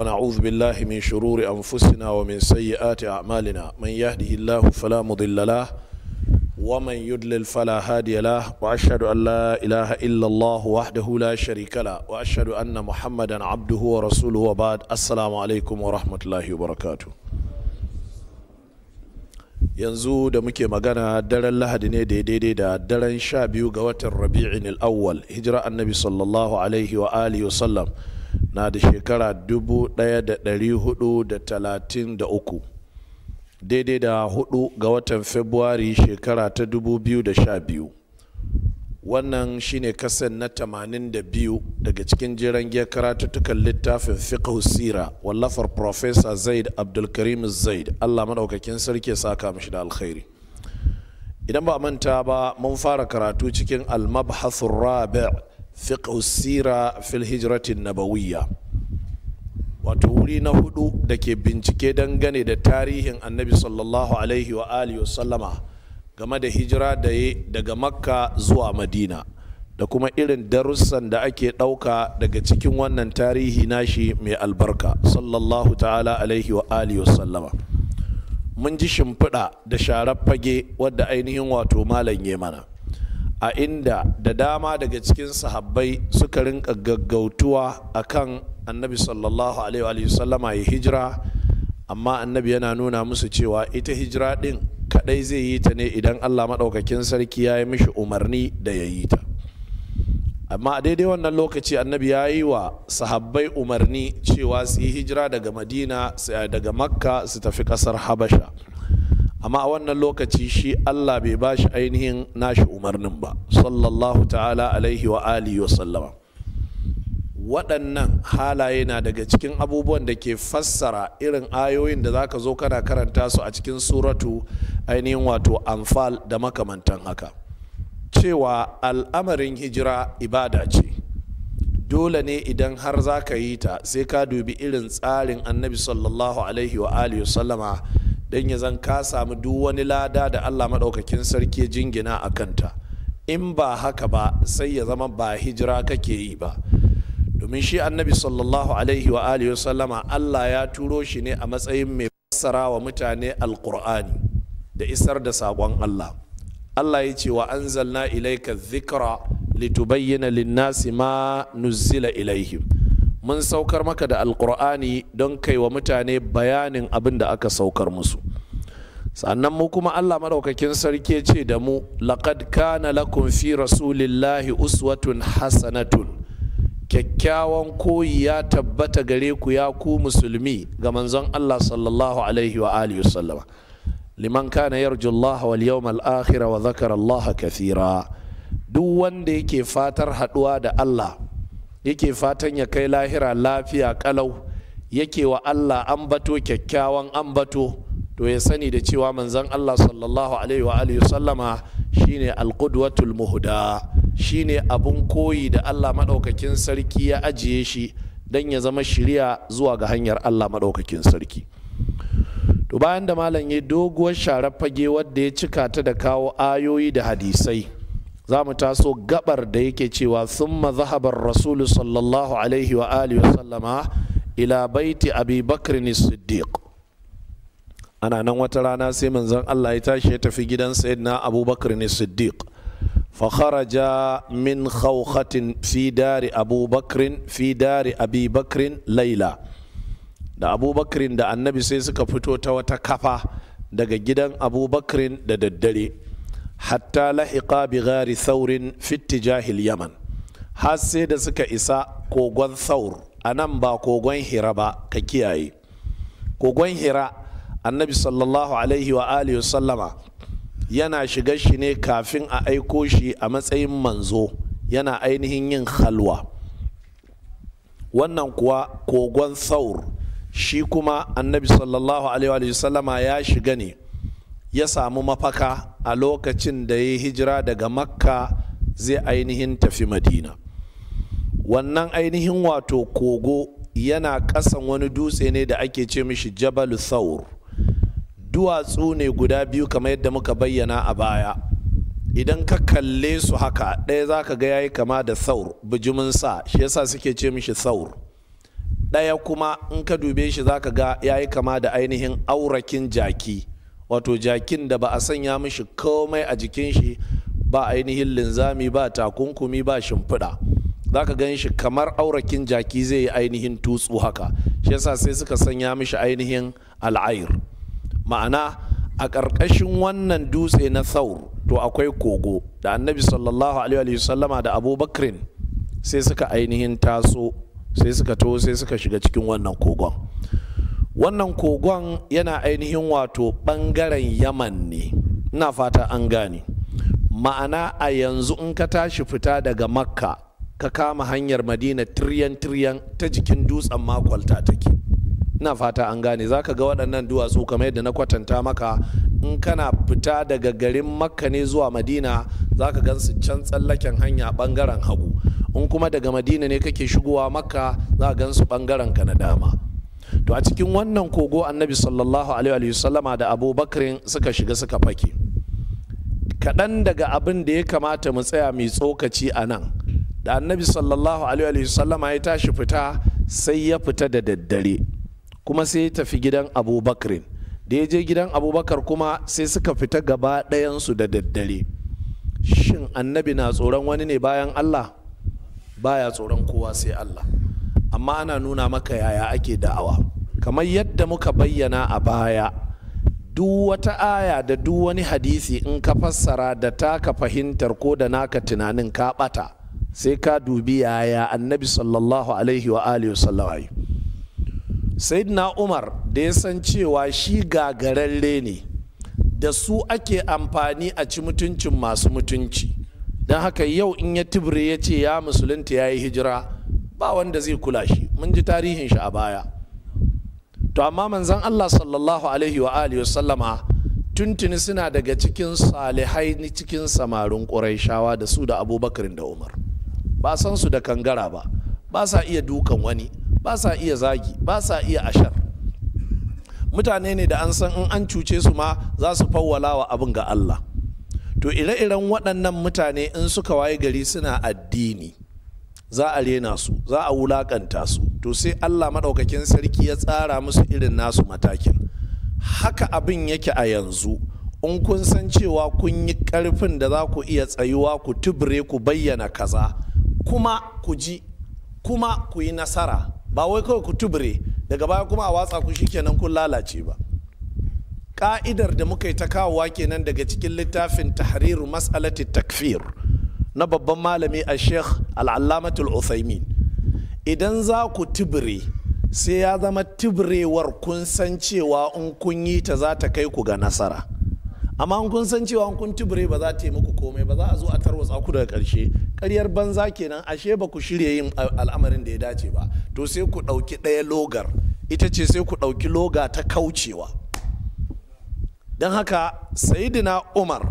ونعوذ بالله من شرور أنفسنا ومن سيئات أعمالنا من يهده الله فلا مضل له ومن يضلل فلا هادي له وأشهد أن لا إله إلا الله وحده لا شريك له وأشهد أن محمدا عبده ورسوله وبعد السلام عليكم ورحمة الله وبركاته yanzu da muke magana daren lahadi ne daidai da daren sha biyu ga watan rabi'in al'awwal hijira annabi sallallahu alaihi wa alihi wa sallam na da shekara 1433 daidai da hudu ga watan februari shekara ta 2012 wannan shine kasan na 82 daga cikin jiran giya karatuttukan littafin fiqh sira wallafar professor zaid abdulkarim zaid allah maɗaukakin sarki ya saka mishi da alkhairi idan ba manta ba mun fara karatu cikin al-mabhathur rabi' fiqh sira fil hijratin nabawiyya wato wuri na hudu da ke bincike dangane da tarihin annabi sallallahu alaihi wa alihi wasallama game da hijira da ya daga makka zuwa madina da kuma irin darussan da ake ɗauka daga cikin wannan tarihi nashi mai albarka sallallahu ta'ala alaihi wa alihi wasallama mun ji shimfiɗa da sharar fage wadda ainihin wato malam mana a inda da dama daga cikin sahabbai suka rinka gaggautuwa akan annabi sallallahu alaihi wasallama ya hijira amma annabi yana nuna musu cewa ita hijira din kadai zai yi ta ne idan allah maɗaukakin sarki ya yi mishi umarni da ya yi ta amma a daidai wannan lokaci annabi ya yi wa sahabbai umarni cewa su yi hijira daga madina daga makka su tafi ƙasar habasha amma a wannan lokaci shi Allah bai ba shi ainihin nashi umarnin ba sallallahu ta'ala alaihi wa alihi wa sallama waɗannan halaye na daga cikin abubuwan da ke fassara irin ayoyin da zaka zo kana karanta su a cikin suratu ainihin wato anfal da makamantan haka cewa al'amarin hijira ibada ce dole ne idan har za ka yi ta sai ka dubi irin tsarin annabi sallallahu alaihi wa alihi sallama don ya zan ka samu duk wani lada da allah maɗaukakin sarki jingina a kanta in ba haka ba sai ya zama ba hijira kake yi ba domin shi annabi sallallahu alaihi wa alihi wa allah ya turo shi ne a matsayin mai fassara wa mutane alkur'ani da isar da saƙon allah allah ya ce wa anzalna ilaika dhikra litubayyana linnasi ma nuzzila ilaihim mun saukar maka da alkur'ani don kai wa mutane bayanin abin da aka saukar musu sannan mu kuma allah maɗaukakin sarki ce da mu laƙad kana lakum fi rasulillahi uswatun hasanatun kyakkyawan koyi ya tabbata gare ku ya ku musulmi ga manzon allah sallallahu alaihi wa alihi wasallama liman kana yarju allah wal al akhir wa zakara allah kathira duk wanda yake fatar haduwa da allah yake fatan ya kai lahira lafiya kalau yake wa Allah ambato kyakkyawan ambato to ya sani da cewa manzon Allah sallallahu alaihi wa alihi sallama shine alqudwatul muhda shine abun koyi da Allah maɗaukakin sarki ya ajiye shi dan ya zama shirya zuwa ga hanyar Allah maɗaukakin sarki to bayan da malam ya doguwar sharar fage wadda ya cika ta da kawo ayoyi da hadisai za mu taso gabar da yake cewa thumma zahabar rasulu sallallahu alaihi wa alihi wa sallama ila baiti abi bakr siddiq ana nan wata rana sai manzon Allah ya tashi ya tafi gidan sayyidina abubakar ne siddiq fa kharaja min khawkhatin fi dari abubakrin fi dari abi bakrin laila da abubakrin da annabi sai suka fito ta wata kafa daga gidan abubakrin da daddare hatta lahiqa bi ghari saurin fitti al yaman har sai da suka isa kogon saur a nan ba kogon hira ba ka kiyaye kogon hira annabi sallallahu alaihi wa alihi sallama yana shiga shi ne kafin a aiko shi a matsayin manzo yana ainihin yin halwa wannan kuwa kogon saur shi kuma annabi sallallahu alaihi wa sallama ya shiga ne ya samu mafaka a lokacin da ya hijira daga makka zai ainihin tafi madina wannan ainihin wato kogo yana ƙasan wani dutse ne da ake ce mishi jabalu saur duwatsu ne guda biyu kamar yadda muka bayyana a baya idan ka kalle su haka ɗaya za ka ga yayi kama da saur bijimin sa shi yasa suke ce mishi saur ɗaya kuma in ka dube shi za ka ga yayi kama da ainihin aurakin jaki wato jakin da ba a sanya mishi komai a jikin shi ba ainihin linzami ba takunkumi ba shimfiɗa za ka gan shi kamar aurakin jaki zai yi ainihin tutsu haka shi yasa sai suka sanya mishi ainihin al'air ma'ana a ƙarƙashin wannan dutse na saur to akwai kogo da annabi sallallahu alaihi sallama da abubakrin sai suka ainihin taso sai suka to sai suka shiga cikin wannan kogon wannan kogon yana ainihin wato ɓangaren yaman ne ina fata an gane ma'ana a yanzu in ka tashi fita daga makka ka kama hanyar madina tiryan tiryan ta jikin dutsen makwalta take ina fata an gane za ka ga waɗannan duwatsu kamar yadda na kwatanta maka in kana fita daga garin makka ne zuwa madina za ka gansu can tsallaken hanya ɓangaren hagu in kuma daga madina ne kake shigowa makka za ka gansu ɓangaren ka na dama to a cikin wannan kogo annabi sallallahu alaihi wasallama da abubakar suka shiga suka fake kaɗan daga abin da ya kamata mu tsaya mai tsokaci a nan da annabi sallallahu alaihi wasallama ya tashi fita sai ya fita da daddare kuma sai ya tafi gidan abubakar da ya je gidan abubakar kuma sai suka fita gaba ɗayansu da daddare shin annabi na tsoron wani ne bayan allah baya tsoron kowa sai allah amma ana nuna maka yaya ake da'awa kamar yadda muka bayyana a baya duk wata aya da duk wani hadisi in ka fassara da taka fahimtar ko da naka tunanin ka bata sai ka dubi yaya annabi sallallahu alaihi wa alihi sallallahu sayyidina umar da ya san cewa shi gagararre ne da su ake amfani a ci mutuncin masu mutunci don haka yau in ya tibire ya ce ya musulunta ya yi hijira ba wanda zai kula shi mun ji tarihin shi a baya to amma manzan Allah sallallahu alaihi wa alihi wasallama tuntuni suna daga cikin salihai ni cikin samarin ƙuraishawa da su da abubakar da umar ba san su da kangara ba ba sa iya dukan wani ba sa iya zagi ba sa iya ashar mutane ne da an san in an cuce su ma za su fawwala wa abin ga Allah to ire-iren waɗannan mutane in suka waye gari suna addini za a rena su za a wulakanta su to sai allah maɗaukakin sarki ya tsara musu irin nasu matakin haka abin yake a yanzu in kun san cewa kun yi ƙarfin da za ku iya tsayuwa ku tubure ku bayyana kaza kuma ku ji kuma ku yi nasara ba wai kawai ku tubure daga baya kuma a watsa ku shikenan kun lalace ba ka'idar da muka yi ta kawowa kenan daga cikin littafin tahriru mas'alati takfir na babban malami a sheikh al'allamatul uthaymin idan za ku tibire sai ya zama tibirewar kun san cewa in kun yi ta za ta kai ku ga nasara amma in kun san cewa in kun tibire ba za ta yi muku komai ba za a zo a tarwatsa ku daga karshe karyar banza kenan ashe ba ku shirya yin al'amarin da ya dace ba to sai ku ɗauki ɗaya logar ita ce sai ku ɗauki loga ta kaucewa don haka sayidina umar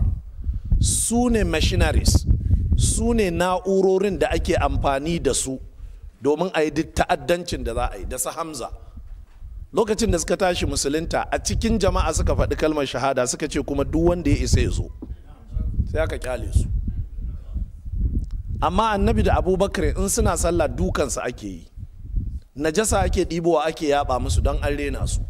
su ne machinaries su ne na'urorin da ake amfani da su domin a yi ta'addancin da za a yi da su hamza lokacin da suka tashi musulunta a cikin jama'a suka faɗi kalmar shahada suka ce kuma duk wanda ya isa ya zo sai aka kyale su amma annabi da abubakar in suna sallah dukansa ake yi najasa ake ɗibowa ake yaba musu don an rena su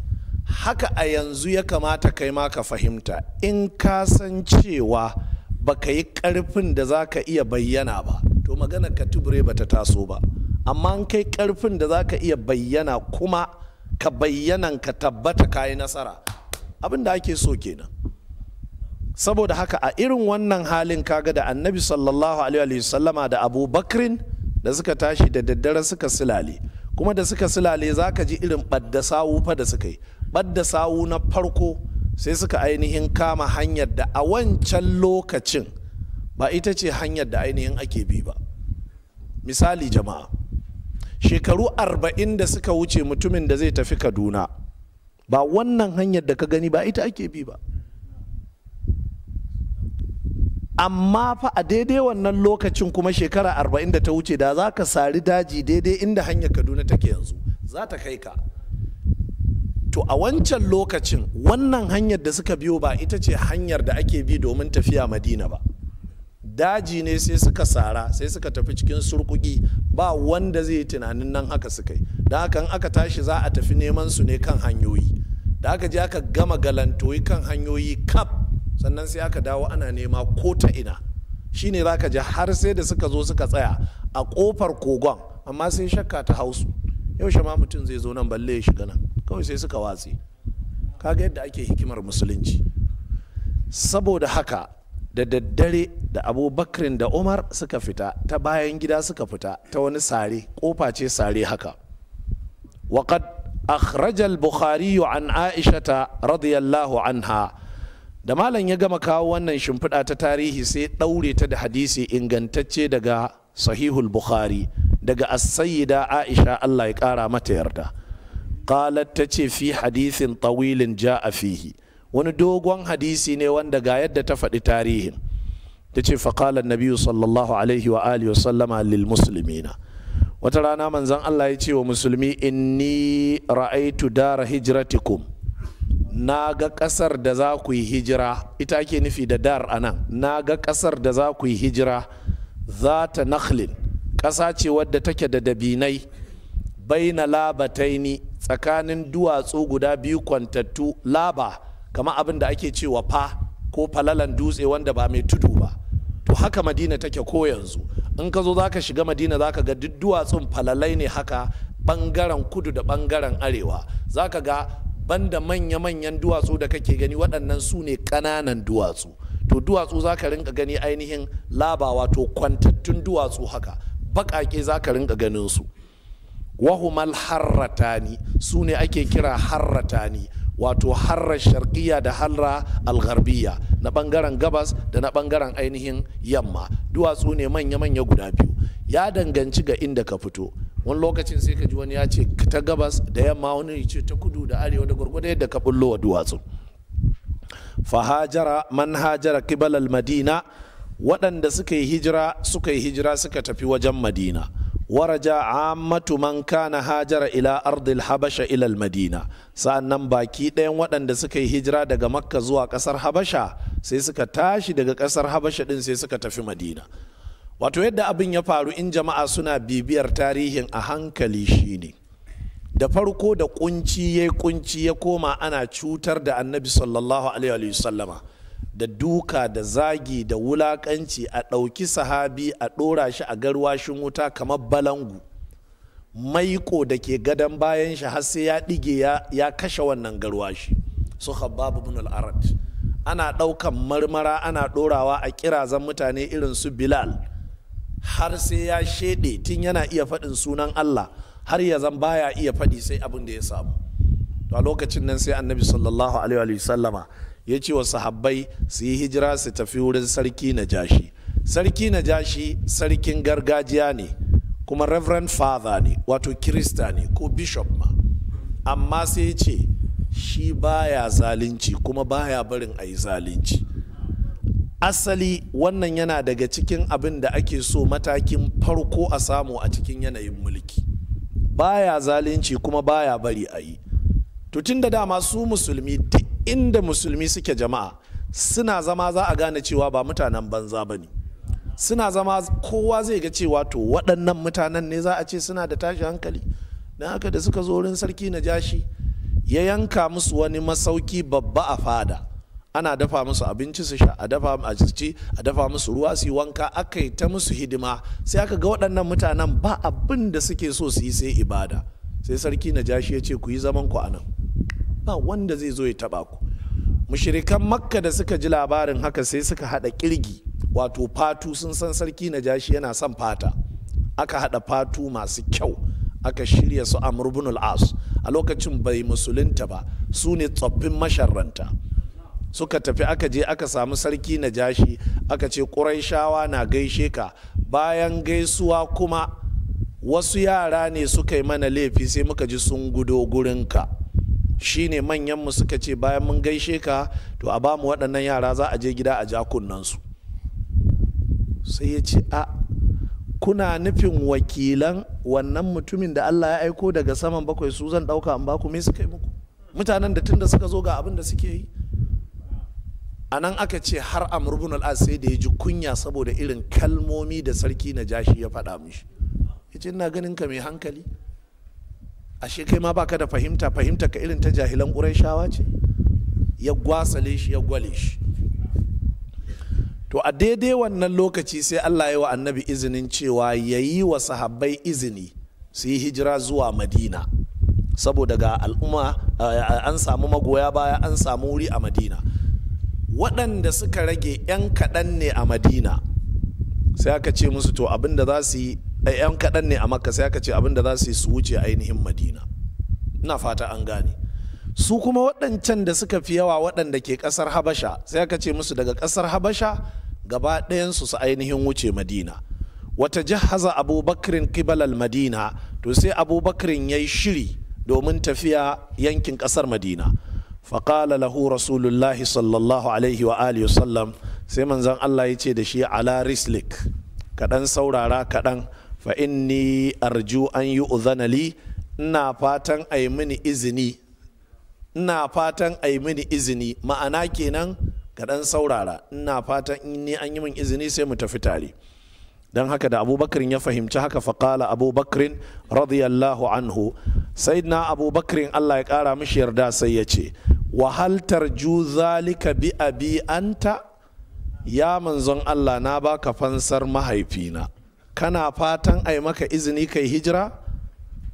haka a yanzu ya kamata kai ma ka fahimta in ka san cewa baka yi karfin da za ka iya bayyana ba to magana ka tubure ba ta taso ba amma an kai karfin da za ka iya bayyana kuma ka bayyana ka tabbata ka yi nasara abin da ake so kenan saboda haka a irin wannan halin kaga da annabi sallallahu alaihi wasallama da abu bakrin da suka tashi da daddare suka silale kuma da suka silale zaka ji irin ɓadda sawu fa da suka yi ɓadda sawu na farko sai suka ainihin kama hanyar da a wancan lokacin ba ita ce hanyar da ainihin ake bi ba misali jama'a shekaru arba'in da suka wuce mutumin da zai tafi kaduna ba wannan hanyar da ka gani ba ita ake bi ba amma fa a daidai wannan lokacin kuma shekara arba'in da ta wuce da za ka sari daji daidai inda hanyar kaduna take yanzu za ta kai ka to a wancan lokacin wannan hanyar da suka biyo ba ita ce hanyar da ake bi domin tafiya madina ba daji ne sai suka sara sai suka tafi cikin surkuki ba wanda zai yi tunanin nan haka suka yi da haka aka tashi za a tafi neman su ne kan hanyoyi da aka je aka gama galantoyi kan hanyoyi kaf sannan sai aka dawo ana nema ko ta ina shine za ka ji har sai da suka zo suka tsaya a kofar kogon amma sai shakka ta hausu yaushe ma mutum zai zo nan balle ya shiga nan kawai sai suka watse kaga yadda ake hikimar musulunci saboda haka da daddare da abubakrin da umar suka fita ta bayan gida suka fita ta wani sare kofa ce sare haka waƙad akrajal bukhari an aishata radiyallahu anha da malam ya gama kawo wannan shimfiɗa ta tarihi sai ɗaure ta da hadisi ingantacce daga sahihul bukhari daga as-sayyida aisha Allah ya kara mata yarda qalat tace fi hadithin tawilin ja'a fihi wani dogon hadisi ne wanda ga yadda ta faɗi tarihin ta ce faƙala nabiyu sallallahu alaihi wa alihi wa sallama lil muslimina wata rana manzan Allah ya ce wa musulmi inni ra'aitu dara hijratikum na ga ƙasar da za ku yi hijira ita ke nufi da dar a nan na ga ƙasar da za ku yi hijira zata nakhlin ƙasa ce wadda take da dabinai bai baina labataini tsakanin duwatsu guda biyu kwantattu laba kama abin da ake cewa fa ko falalan dutse wanda ba mai tudu ba to haka madina take ko yanzu in ka zo za ka shiga madina za ka ga duk duwatsun falalai ne haka bangaren kudu da bangaren arewa za ka ga banda manya-manyan duwatsu da kake gani waɗannan su ne ƙananan duwatsu to duwatsu za ka rinka gani ainihin labawa to kwantattun duwatsu haka baƙaƙe za ka rinka ganin su wahumal harratani su ne ake kira harratani wato harra sharkiya da harra algarbiya na bangaren gabas da na bangaren ainihin yamma duwatsu ne manya-manya guda biyu ya danganci ga inda ka fito wani lokacin sai ka ji wani ya ce ta gabas da yamma wani ya ce ta kudu da arewa da gwargwado yadda ka bullo wa duwatsu fahajara man hajara al madina waɗanda suka yi hijira suka yi hijira suka tafi wajen madina waraja ammatu man kana hajara ila ardil habasha ila madina sa'annan baki ɗayan waɗanda suka yi hijira daga makka zuwa ƙasar habasha sai suka tashi daga ƙasar habasha ɗin sai suka tafi madina wato yadda abin ya faru in jama'a suna bibiyar tarihin a hankali shine da farko da kunci ya kunci ya koma ana cutar da annabi sallallahu alaihi wasallama da duka da zagi da wulakanci a ɗauki sahabi a ɗora shi a garwashin wuta kamar balangu maiko da ke gadon bayan shi har sai ya ɗige ya kashe wannan garwashi su habab bin al ana ɗaukan marmara ana ɗorawa a kirazan mutane irin su bilal har sai ya shede tun yana iya faɗin sunan allah har ya zan baya iya faɗi sai abin da ya samu to a lokacin nan sai annabi sallallahu alaihi sallama ya ce wa sahabbai su yi hijira su tafi wurin sarki na jashi sarki na jashi sarkin gargajiya ne kuma reverend father ne wato kirista ne ko bishop ma amma sai ya ce shi baya zalunci kuma baya barin a yi zalunci asali wannan yana daga cikin abin da ake so matakin farko a samu a cikin yanayin mulki baya zalunci kuma baya bari a yi to tun da dama su musulmi duk inda musulmi suke jama'a suna zama za a gane cewa ba mutanen banza ba ne suna zama kowa zai ga cewa to waɗannan mutanen ne za a ce suna da tashi hankali don haka da suka zo wurin sarki na jashi ya yanka musu wani masauki babba a fada ana dafa musu abinci su sha a dafa a ci a dafa musu ruwa su wanka aka yi ta musu hidima sai aka ga waɗannan mutanen ba abin da suke so su yi sai ibada sai sarki na jashi ya ce ku yi zaman ku anan ba wanda zai zo ya taba ku mushirikan makka da suka ji labarin haka sai suka hada kirgi wato fatu sun san sarki na jashi yana son fata aka hada fatu masu kyau aka shirya su a murbinul as a lokacin bai musulunta ba su ne tsoffin masharranta suka tafi aka je aka samu sarki na jashi aka ce ƙuraishawa na gaishe ka bayan gaisuwa kuma wasu yara ne suka yi mana laifi sai muka ji sun gudo gurinka shi ne manyanmu suka ce bayan mun gaishe ka to a bamu waɗannan yara za a je gida a ja kunnansu sai ya ce a kuna nufin wakilan wannan mutumin da Allah ya aiko daga saman bakwai su zan ɗauka in baku me suka yi muku mutanen da tun da suka zo ga abin da suke yi a nan aka ce har amurbin al'ad sai da ya ji kunya saboda irin kalmomi da sarki na jashi ya faɗa mishi ya ce ina ganin ka mai hankali ashe kai ma baka da fahimta fahimta ka irin ta jahilan ƙurayshawa ce ya gwasale shi ya gwale shi to a daidai wannan lokaci sai allah ya wa annabi izinin cewa ya yi wa sahabbai izini su yi hijira zuwa madina saboda ga al'umma eh, an samu magoya baya an samu wuri a madina waɗanda suka rage 'yan kaɗan ne a madina sai aka ce musu to abinda za su yi eh, 'yan kaɗan ne a makka sai aka ce abinda za su yi su wuce ainihin madina ina fata an gane su kuma waɗancan da suka fi yawa waɗanda ke ƙasar habasha sai aka ce musu daga ƙasar habasha gaba ɗayansu su ainihin wuce madina wata jahaza abubakarin kibalal madina to sai abubakarin ya yi shiri domin tafiya yankin ƙasar madina faƙala lahu rasulullahi sallallahu alaihi wa alihi wasallam sai manzan Allah ya ce da shi ala rislik kaɗan saurara kaɗan fa inni arju an yi uzanali ina fatan a mini izini ina fatan a mini izini ma'ana kenan kaɗan saurara ina fatan ni an yi min izini sai mu tafi tari. don haka da abubakarin ya fahimci haka faƙala abubakarin radiyallahu anhu sai na abubakarin allah ya ƙara mishi yarda sai yace. wahaltar ju zalika bi abi anta ya manzon Allah na baka fansar mahaifina kana fatan ai maka izini kai hijira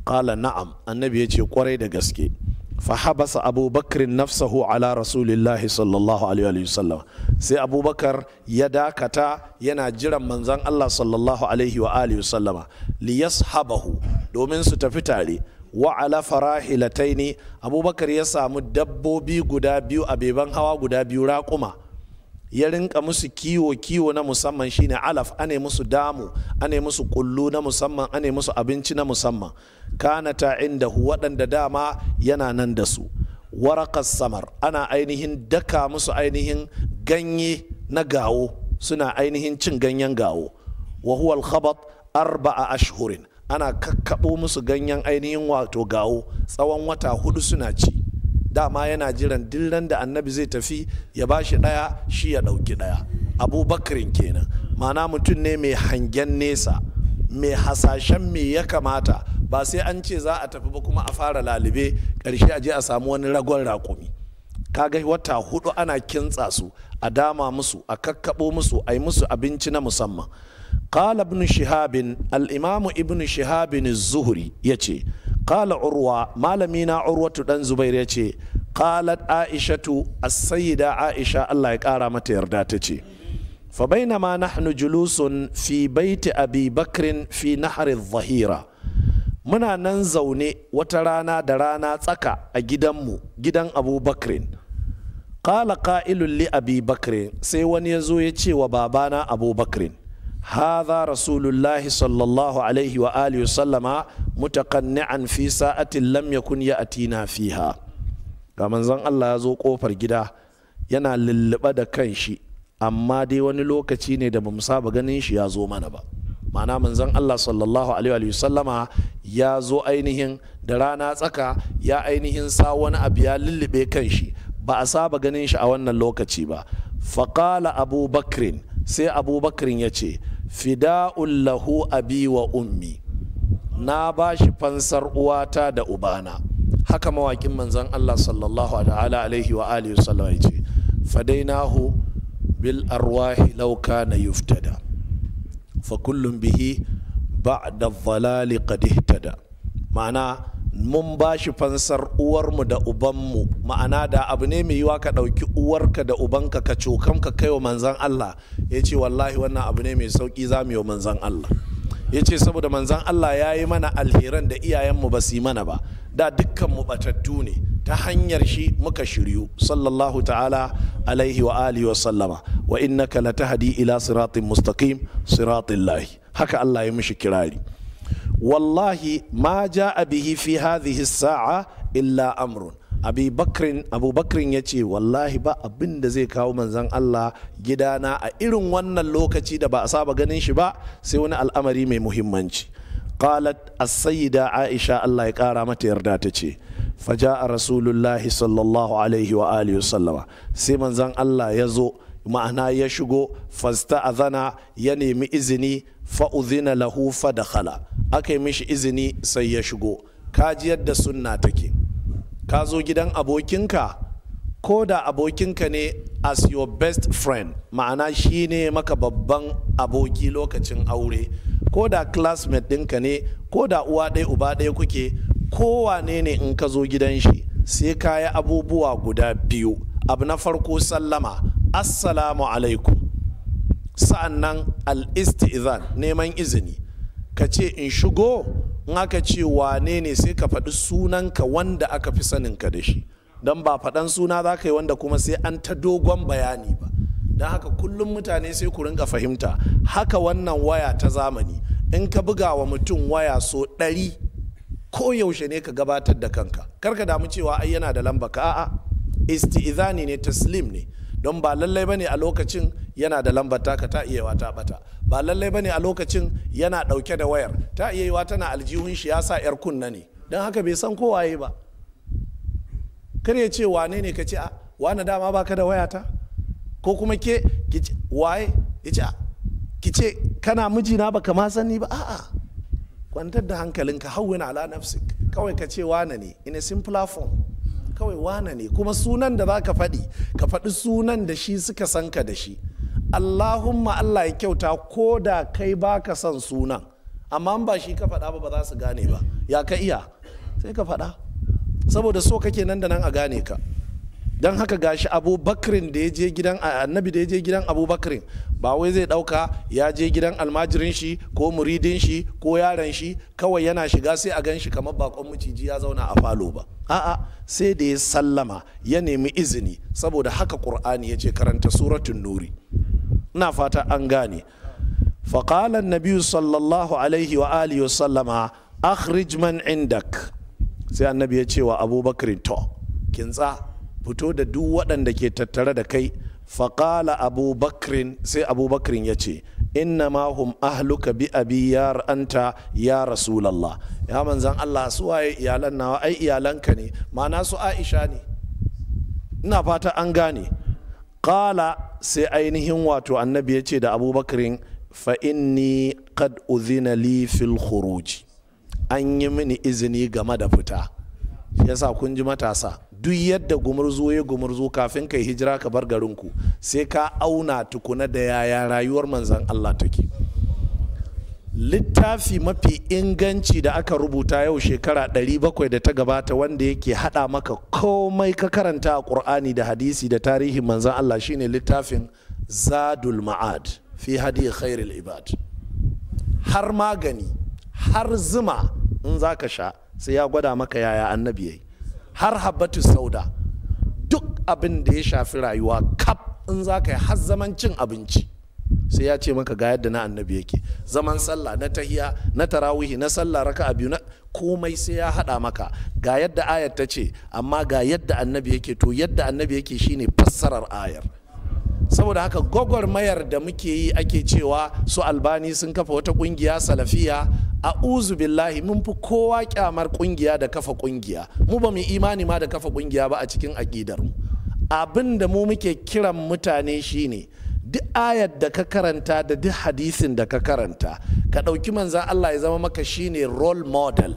qala na'am annabi ya ce kwarai da gaske fa habasa abubakar nafsahu ala rasulillahi sallallahu alaihi wasallam sai abubakar ya dakata yana jiran manzon Allah sallallahu alaihi wa alihi wasallama liyashabahu domin su tafi tare wa ala ne abubakar ya samu dabbobi guda biyu a beban hawa guda biyu raƙuma ya rinka musu kiwo kiwo na musamman shine alaf ane musu damu ane musu kullu na musamman ane musu abinci na musamman kana ta inda waɗanda dama yana nan da su warakas samar ana ainihin daka musu ainihin ganye na gawo suna ainihin cin ganyen gawo wa huwa arba'a ashhurin ana kakkaɓo musu ganyen ainihin wato gawo tsawon wata hudu suna ci dama yana jiran dillan da annabi zai tafi ya ba shi ɗaya shi ya ɗauki ɗaya abubakarin kenan mana mutum ne mai hangen nesa mai hasashen me ya kamata ba sai an ce za a tafi ba kuma a fara lalube ƙarshe a je a samu wani ragon raƙumi kaga wata hudu ana kintsa su a dama musu a kakkaɓo musu a yi musu abinci na musamman qala ibn shihabin al-imamu ibn shihabin az-zuhri yace qala urwa malamina urwatu dan zubair yace qalat aishatu as-sayyida aisha Allah ya kara mata yarda tace fa bainama nahnu julusun fi baiti abi bakrin fi nahri adh-dhahira muna nan zaune wata rana da rana tsaka a gidanmu gidan abu bakrin qala qa'ilun li abi bakrin sai wani ya zo ya ce wa babana abu bakrin hadha rasulullahi sallallahu alaihi wa alihi sallama mutaqanni'an fi sa'atin lam yakun ya'tina fiha ga manzon Allah ya zo kofar gida yana lulluɓa da kanshi amma dai wani lokaci ne da bamu saba ganin shi ya zo mana ba ma'ana manzon Allah sallallahu alaihi wa sallama ya zo ainihin da rana tsaka ya ainihin sa wani abu ya lullube kanshi ba a saba ganin shi a wannan lokaci ba faqala abu bakrin sai abubakar ya ce fida'un lahu abi wa ummi na ba shi fansar uwata da ubana haka mawakin manzon Allah sallallahu alaihi wa alihi wasallam ya ce fadainahu bil arwahi na yufta yuftada fa kullum bihi ba'da dhalali qad ihtada ma'ana mun ba shi fansar uwarmu da ubanmu ma'ana da abu ne mai yiwa ka ɗauki uwarka da ubanka ka cokan ka kai wa manzan Allah ya ce wallahi wannan abu ne mai sauki za mu yi wa manzan Allah ya ce saboda manzan Allah ya yi mana alheran da iyayenmu ba su yi mana ba da dukkan mu batattu ne ta hanyar shi muka shiryu sallallahu ta'ala alaihi wa alihi wa sallama wa innaka latahdi ila siratin mustaqim siratin lahi haka Allah ya mishi kirari wallahi ma a bihi fi hadhihi sa'a illa amrun abi yace wallahi ba abin zai kawo manzan Allah gidana a irin wannan lokaci da ba a saba ganin shi ba sai wani al'amari mai muhimmanci qalat as-sayyida aisha Allah ya kara mata yarda ta ce a rasulullahi sallallahu alaihi wa alihi sallama sai manzan Allah ya zo ma'ana ya shigo fasta azana ya nemi izini fa udhina lahu fa dakhala aka yi mishi izini sai ya shigo ka ji yadda sunna take ka zo gidan abokinka ko da abokinka ne as your best friend ma'ana shi ne maka babban aboki lokacin aure ko da classmate ɗinka ne ko da uwa ɗaya uba ɗaya kuke kowane ne in ka zo gidan shi sai ka yi abubuwa guda biyu abu na farko sallama assalamu alaikum sa'an nan al-istizan neman izini ka ce in shigo in aka ce wane ne sai ka faɗi sunanka wanda aka fi saninka da shi don ba faɗan suna za ka yi wanda kuma sai an ta dogon bayani ba don haka kullum mutane sai ku rinka fahimta haka wannan waya ta zamani in ka buga wa mutum waya so ɗari ko yaushe ne ka gabatar da kanka karka damu cewa ai yana da lamba ka a'a istizani ne taslim ne don ba lallai bane a lokacin yana da lambar taka ta iya ta bata ba lallai bane a lokacin yana dauke da wayar ta iya yiwa tana aljihun shi ya sa yar kunna ne don haka bai san kowaye ba kar ya ce wane ne ka ce a wane dama ba ka da wayata ko kuma ke waye ya ce ki ce kana mijina ba kama sani ba a'a kwantar da hankalinka hawwin ala nafsik kawai ka ce wane ne in a simple form kawai wane ne kuma sunan da za ka faɗi ka faɗi sunan da shi suka san ka da shi allahumma allah ya kyauta ko da kai baka son sunan amma ba shi ka faɗa ba ba za su gane ba ya ka iya sai ka faɗa saboda so kake nan da nan a gane ka don haka gashi abubakarin da ya je gidan annabi da ya je gidan abubakarin ba wai zai dauka ya je gidan almajirin shi ko muridin shi ko yaran shi kawai yana shiga sai a gan shi kamar bakon maciji ya zauna a falo ba a'a sai da ya sallama ya nemi izini saboda haka qur'ani ya ce karanta suratun nuri ina fata an gane Faƙalan sallallahu alaihi wa alihi عليه وآله وسلم indak sai annabi ya ce wa أبو to kin tsa fito da duk waɗanda ke tattare da kai faƙala abubakrin sai abubakrin ya ce inna ma hum ahluka bi abi ya anta ya rasulallah ya manzan allah su waye iyalan nawa ai iyalanka ne ma'ana su aisha ne ina fata an gane ƙala sai ainihin wato annabi ya ce da abubakrin fa inni qad uzina li fil khuruji an yi mini izini game da fita yasa kun ji matasa duk yadda gumurzu ya gumurzu kafin kai hijira ka bar garinku sai ka auna tukuna da yaya rayuwar manzan Allah take littafi mafi inganci da aka rubuta yau shekara 700 da ta gabata wanda yake hada maka komai ka karanta a ƙur'ani da hadisi da tarihin manzan Allah shine littafin zadul ma'ad fi hadi khairul ibad har magani har zuma in zaka sha sai ya gwada maka yaya annabi yayi har habbatu sauda duk abin da ya shafi rayuwa kaf in za ka yi har zaman cin abinci sai ya ce maka ga yadda na annabi yake zaman sallah na tahiya na tarawihi na sallah raka a biyu na komai sai ya hada maka ga yadda ayar ta ce amma ga yadda annabi yake to yadda annabi yake shine fassarar ayar saboda haka gwagwarmayar da muke yi ake cewa su albani sun kafa wata kungiya salafiya a uzu billahi mun fi kowa kyamar kungiya da kafa kungiya mu ba mu imani ma da kafa kungiya ba a cikin aƙidar mu abin da mu muke kiran mutane shine duk ayat da ka karanta da duk hadisin da ka karanta ka ɗauki manzan Allah ya zama maka shine role model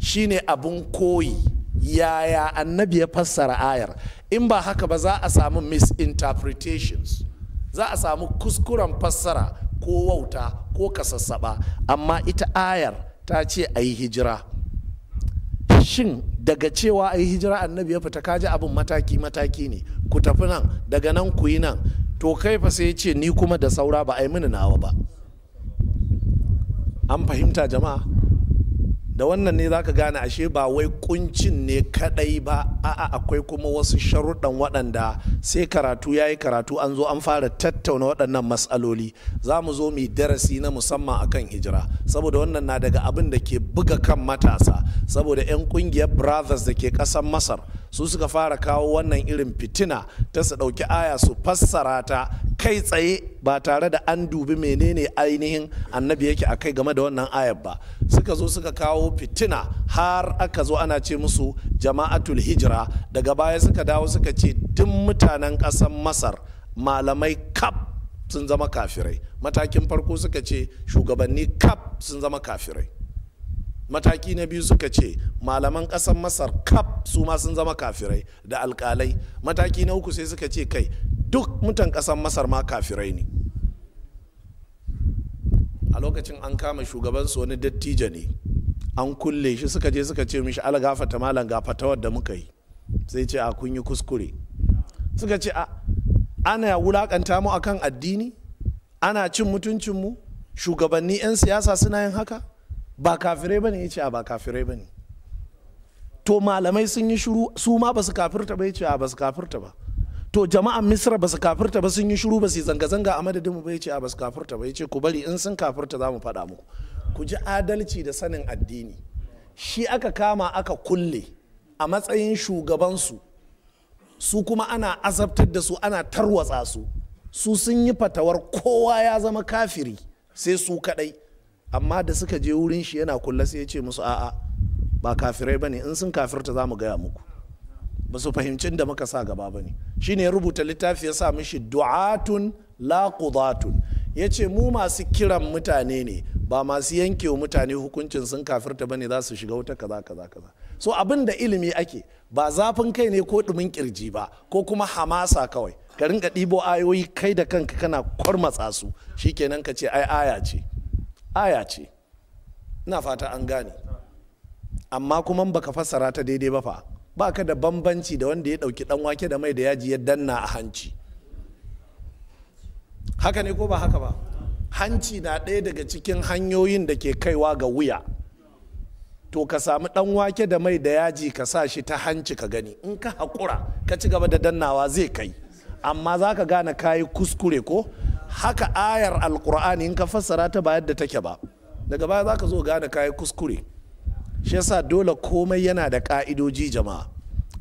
shine abun koyi yaya annabi ya fassara ayar in ba haka ba za a samu misinterpretations za a samu kuskuren fassara ko wauta ko kasassaba amma ita ayar ta ce a yi hijira shin daga cewa a yi hijira annabi ya fita kaji abin mataki-mataki ne ku tafi nan daga nan ku yi nan to kai fa sai ce ni kuma da saura ba a yi mini nawa ba an fahimta jama'a da wannan ne za ka gane ashe ba wai kuncin ne kadai ba a'a akwai kuma wasu sharuɗan waɗanda sai karatu ya yi karatu an zo an fara tattauna waɗannan matsaloli za mu zo mu darasi na musamman akan hijira saboda wannan na daga abin da ke buga kan matasa saboda 'yan ƙungiyar brothers da ke ƙasar masar su suka fara kawo wannan irin fitina ta su ɗauki aya su fassara ta kai tsaye ba tare da an dubi menene ainihin annabi yake akai game da wannan ayar ba suka zo suka kawo jawo fitina har aka zo ana ce musu jama'atul hijira daga baya suka dawo suka ce duk mutanen ƙasar masar malamai kaf sun zama kafirai matakin farko suka ce shugabanni kap sun zama kafirai mataki na biyu suka ce malaman ƙasar masar kap su ma sun zama kafirai da alƙalai mataki na uku sai suka ce kai duk mutan ƙasar masar ma kafirai ne a lokacin an kama shugabansu wani dattijo ne an kulle shi suka je suka ce mishi ala gafata malam ga fatawar da muka yi sai ce a kun yi kuskure suka ce a ana wulakanta mu akan addini ana cin mutuncinmu shugabanni 'yan siyasa suna yin haka ba kafirai bane ya ce a ba kafirai bane to malamai sun yi shuru su ma ba su kafirta ba ya ce a ba su kafirta ba to jama'an misra ba su kafirta ba sun yi shuru ba su yi zanga-zanga a madadin mu ba ya ce a ba su kafirta ba ya ce ku bari in sun kafirta za mu faɗa muku ku ji adalci da sanin addini shi aka kama aka kulle a matsayin shugabansu su kuma ana azabtar da su ana tarwatsa su su sun yi fatawar kowa ya zama kafiri sai su kadai amma da suka je wurin shi yana kulle sai ya ce musu a'a ba kafirai bane in sun kafirta za mu gaya muku ba su fahimci da muka sa gaba bane shi ya rubuta littafi ya sa mishi du'atun la ya ce mu masu kiran mutane ne ba masu yanke wa mutane hukuncin sun kafirta ne. za su shiga wuta kaza kaza kaza so abin da ilimi ake ba zafin kai ne ko dumin kirji ba ko kuma hamasa kawai ka ringa ɗibo ayoyi kai da kanka kana kwarmatsa su shikenan ka ce ai aya ce aya ce ina fata an gane amma kuma baka fassara ta daidai ba fa baka da bambanci da wanda ya ɗauki ɗan wake da mai da yaji ya danna a hanci haka ne ko ba haka ba hanci na ɗaya daga cikin hanyoyin da ke kaiwa ga wuya to ka samu ɗan wake da mai da yaji ka sa shi ta hanci ka gani in ka haƙura ka ci gaba da dannawa zai kai amma za ka gane kayi kuskure ko haka ayar alkur'ani in ka fassara ta ba yadda take ba daga baya za ka zo gane kayi kuskure shi yasa dole komai yana da ka'idoji jama'a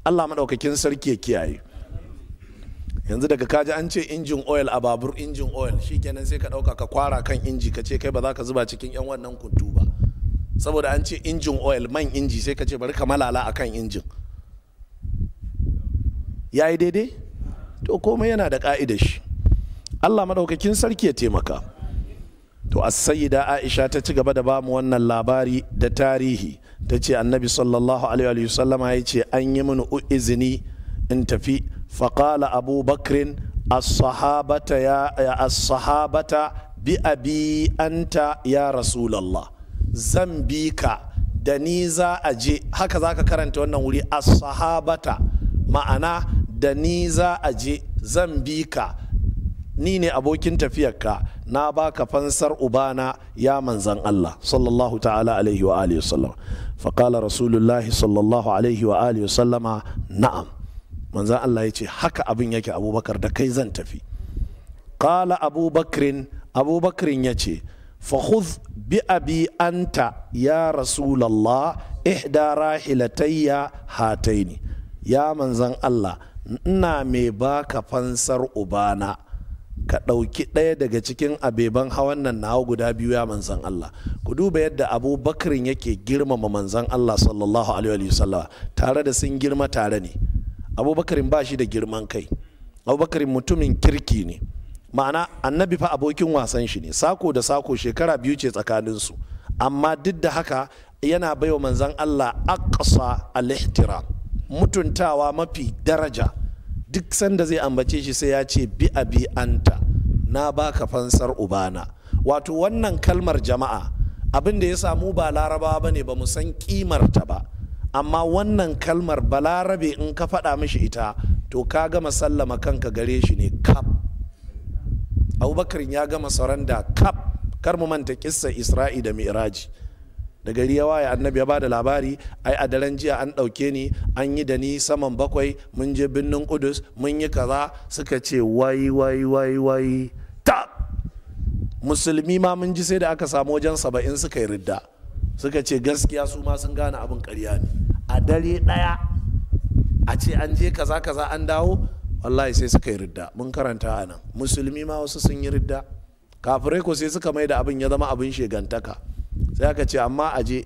allah maɗaukakin sarki ya kiyaye yanzu daga kaji an ce injin oil a babur injin oil shikenan sai ka dauka ka kwara kan inji ka ce kai ba za ka zuba cikin yan wannan kuntu ba saboda an ce injin oil man inji sai ka ce bari ka malala a kan injin ya yi daidai to komai yana da ka'ida shi allah madaukakin sarki ya taimaka to asayida da aisha ta ci gaba da ba mu wannan labari da tarihi ta ce annabi sallallahu alaihi wasallama ya ce an yi mini izini in tafi فقال أبو بكر الصحابة يا الصحابة بأبي أنت يا رسول الله زنبيك دنيزا أجي هكذا كرنت ونولي الصحابة معنا دنيزا أجي زنبيك ni ne abokin tafiyarka na baka fansar ubana ya manzan Allah sallallahu ta'ala alaihi wa alihi faqala rasulullahi sallallahu alaihi wa alihi na'am manzan Allah ya ce haka abin yake abubakar da kai zan tafi qala abubakirin abubakrin ya ce فخذ بأبي أنت يا رسول الله إحدى rahilatayya هاتين ina mai baka fansar ubana ka ɗauki ɗaya daga cikin abeban hawan nan hau guda biyu ya manzan Allah ku duba yadda abubakarin yake girmama manzan Allah sallallahu alaihi wasallam tare da sun girma tare ne abubakarin ba shi da girman kai abubakarin mutumin kirki ne ma'ana annabi fa abokin wasan shi ne sako da sako shekara biyu ce tsakaninsu amma duk da haka yana baiwa manzan allah aqsa a mutuntawa mafi daraja duk sanda zai ambace shi sai ya ce bi abi anta na baka fansar ubana wato wannan kalmar jama'a abin da ya samu ba larabawa ba ne ba mu san kimar ba amma wannan kalmar balarabe in ka faɗa mishi ita to ka gama sallama kanka gare shi ne kap abubakar ya gama da kap kar mu manta kissa isra'i da mi'raji da gari ya annabi ya bada labari ai a daren jiya an ɗauke ni an yi da ni saman bakwai mun je birnin kudus mun yi kaza suka ce wayi wayi wayi wayi ta musulmi ma mun ji sai da aka samu wajen saba'in suka yi ridda suka ce gaskiya su ma sun gane abin karya ne a dare ɗaya a ce an je kaza kaza an dawo wallahi sai suka yi ridda mun karanta a nan musulmi ma wasu sun yi ridda kafirai ko sai suka mai da abin ya zama abin shegantaka sai aka ce amma aje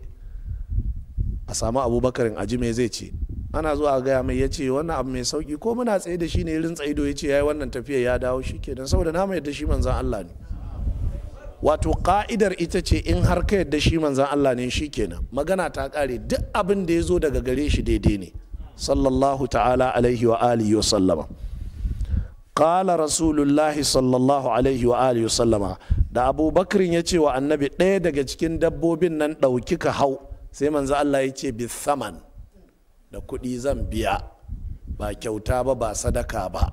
a samu abubakarin aji me zai ce ana zuwa a gaya mai ya ce wannan abu mai sauki ko muna tsaye da shi ne rin tsaido ya ce ya yi wannan tafiya ya dawo shi kenan saboda na mai da shi manzan allah ne wato ka'idar ita ce in har ka yadda shi manzan Allah ne shi kenan magana ta kare duk abin da ya zo daga gare shi daidai ne sallallahu ta'ala alaihi wa alihi wa sallama qala rasulullahi sallallahu alaihi wa alihi wa sallama da abubakarin ya ce wa annabi ɗaya daga cikin dabbobin nan ɗauki ka hau sai manzan Allah ya ce bi saman da kuɗi zan biya ba kyauta ba ba sadaka ba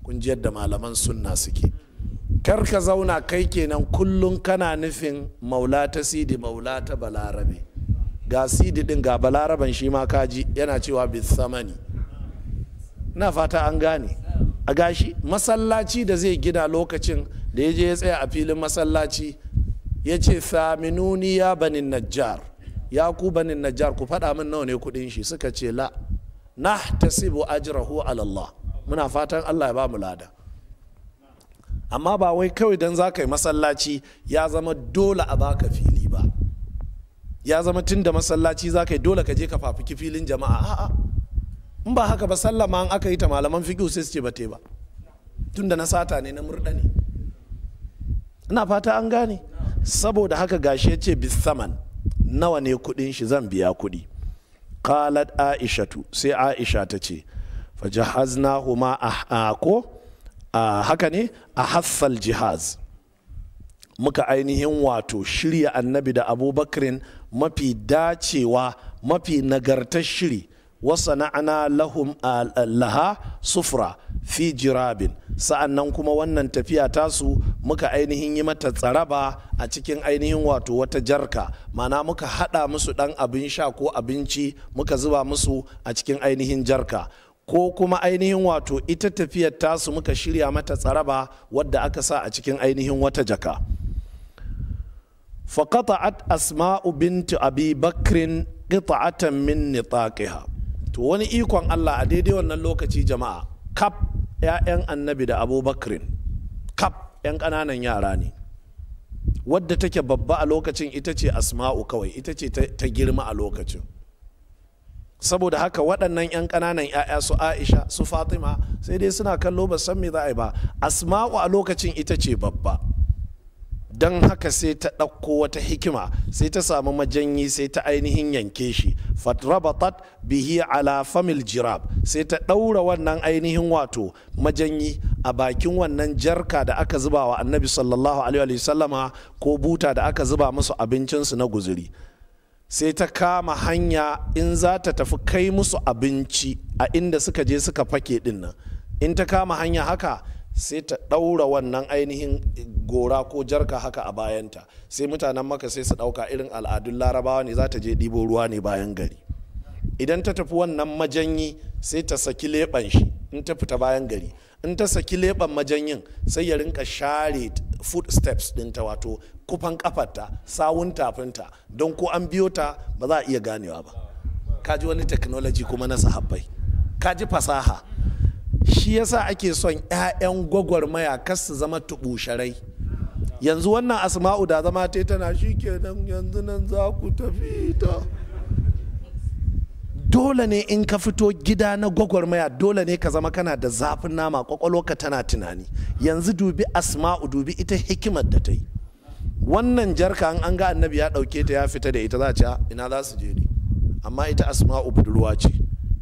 kun ji yadda malaman sunna suke kar ka zauna kai kenan kullum kana nufin maula ta sidi maula ta balarabe ga sidi din ga balaraban shi ma kaji yana cewa bisamani na fata an gane a gashi masallaci da zai gina lokacin da ya je ya tsaya a filin masallaci ya ce saminuni ya banin najjar ya ku banin najjar ku faɗa min nawa ne kuɗin shi suka ce la na tasibu ajrahu alallah muna fatan allah ya ba mu lada amma ba wai kawai don za ka yi masallaci ya zama dole a baka fili ba ya zama tun da masallaci za ka yi dole ka je ka fafiki filin jama'a a'a in ba haka ba sallama an aka yi ta malaman fiƙi sai su ce ba ba tun da na sata ne na murɗa ne ina fata an gane saboda haka gashi ya ce bisaman nawa ne kuɗin shi zan biya kuɗi qalat aishatu sai aisha ta ce ma a ah, ah, ko haka ne a hassal jihaz muka ainihin wato shirya annabi da abubakrin mafi dacewa mafi nagartar shiri na'ana lahum laha sufra fi jirabin sa'annan kuma wannan tafiya tasu muka ainihin yi mata tsaraba a cikin ainihin wato wata jarka mana muka hada musu dan abin sha ko abinci muka zuba musu a cikin ainihin jarka ko kuma ainihin wato ita tafiyar tasu muka shirya mata tsaraba wadda aka sa a cikin ainihin wata jaka faƙata'at asma'u bintu abi bakrin qita'atan min nitaqiha to wani ikon Allah a daidai wannan lokaci jama'a kap ‘ya'yan annabi da abu Bakrin, kaf ‘yan ƙananan yara ne wadda take babba a lokacin ita ce asma'u kawai ita ce ta girma a lokacin saboda haka waɗannan 'yan ƙananan 'ya'ya su aisha su fatima sai dai suna kallo ba san me za a yi ba asma'u a lokacin ita ce babba don haka sai ta ɗauko wata hikima sai ta samu majanyi sai ta ainihin yanke shi fatrabatat bihi ala famil jirab sai ta ɗaura wannan ainihin wato majanyi a bakin wannan jarka da aka zuba wa annabi sallallahu alaihi wasallama ko buta da aka zuba musu abincinsu na guzuri sai ta kama hanya in za ta tafi kai musu abinci a inda suka je suka fake din nan in ta kama hanya haka sai ta ɗaura wannan ainihin gora ko jarka haka a bayanta sai mutanen maka sai su ɗauka irin al'adun larabawa ne za ta je ɗibo ruwa ne bayan gari idan ta tafi wannan majanyi sai ta saki leɓen shi in ta fita bayan gari in ta saki leɓen majanyin sai ya rinka share footsteps ɗinta wato kufan kafarta sawun tafinta don ko an biyo ta ba za a iya ganewa ba kaji wani technology kuma na sahabbai kaji fasaha shi yasa ake son 'ya'yan gwagwarmaya kas su zama tubusharai yanzu wannan asma'u da zama tana shi kenan yanzu nan za ku tafi ta dole ne in ka fito gida na gwagwarmaya dole ne ka zama kana da zafin nama ka tana tunani yanzu dubi asma'u dubi ita hikimar da ta yi wannan jarka an ga annabi ya dauke ta ya fita da ita za a ah, ina za su je ne amma ita asma'u budurwa ce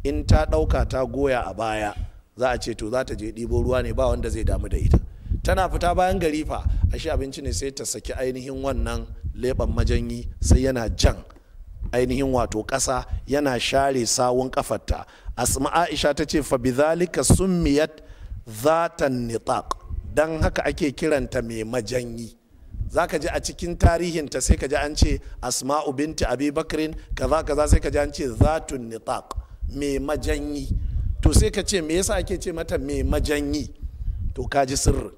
in ta dauka ta goya a baya za a ce to za ta je ɗibo ruwa ne ba wanda zai damu da ita tana fita bayan gari fa ashe abinci ne sai ta saki ainihin wannan leɓen majanyi sai yana jan ainihin wato ƙasa yana share sawun kafarta asma aisha ta ce fa bidhalika summiyat zatan nitaq dan haka ake kiranta mai majanyi zaka ji a cikin tarihinta sai ka ji an ce asma'u binti abi kaza kaza sai ka ji an ce zatun nitaq mai majanyi to sai ka ce me yasa ake ce mata mai majanyi to ka ji sirri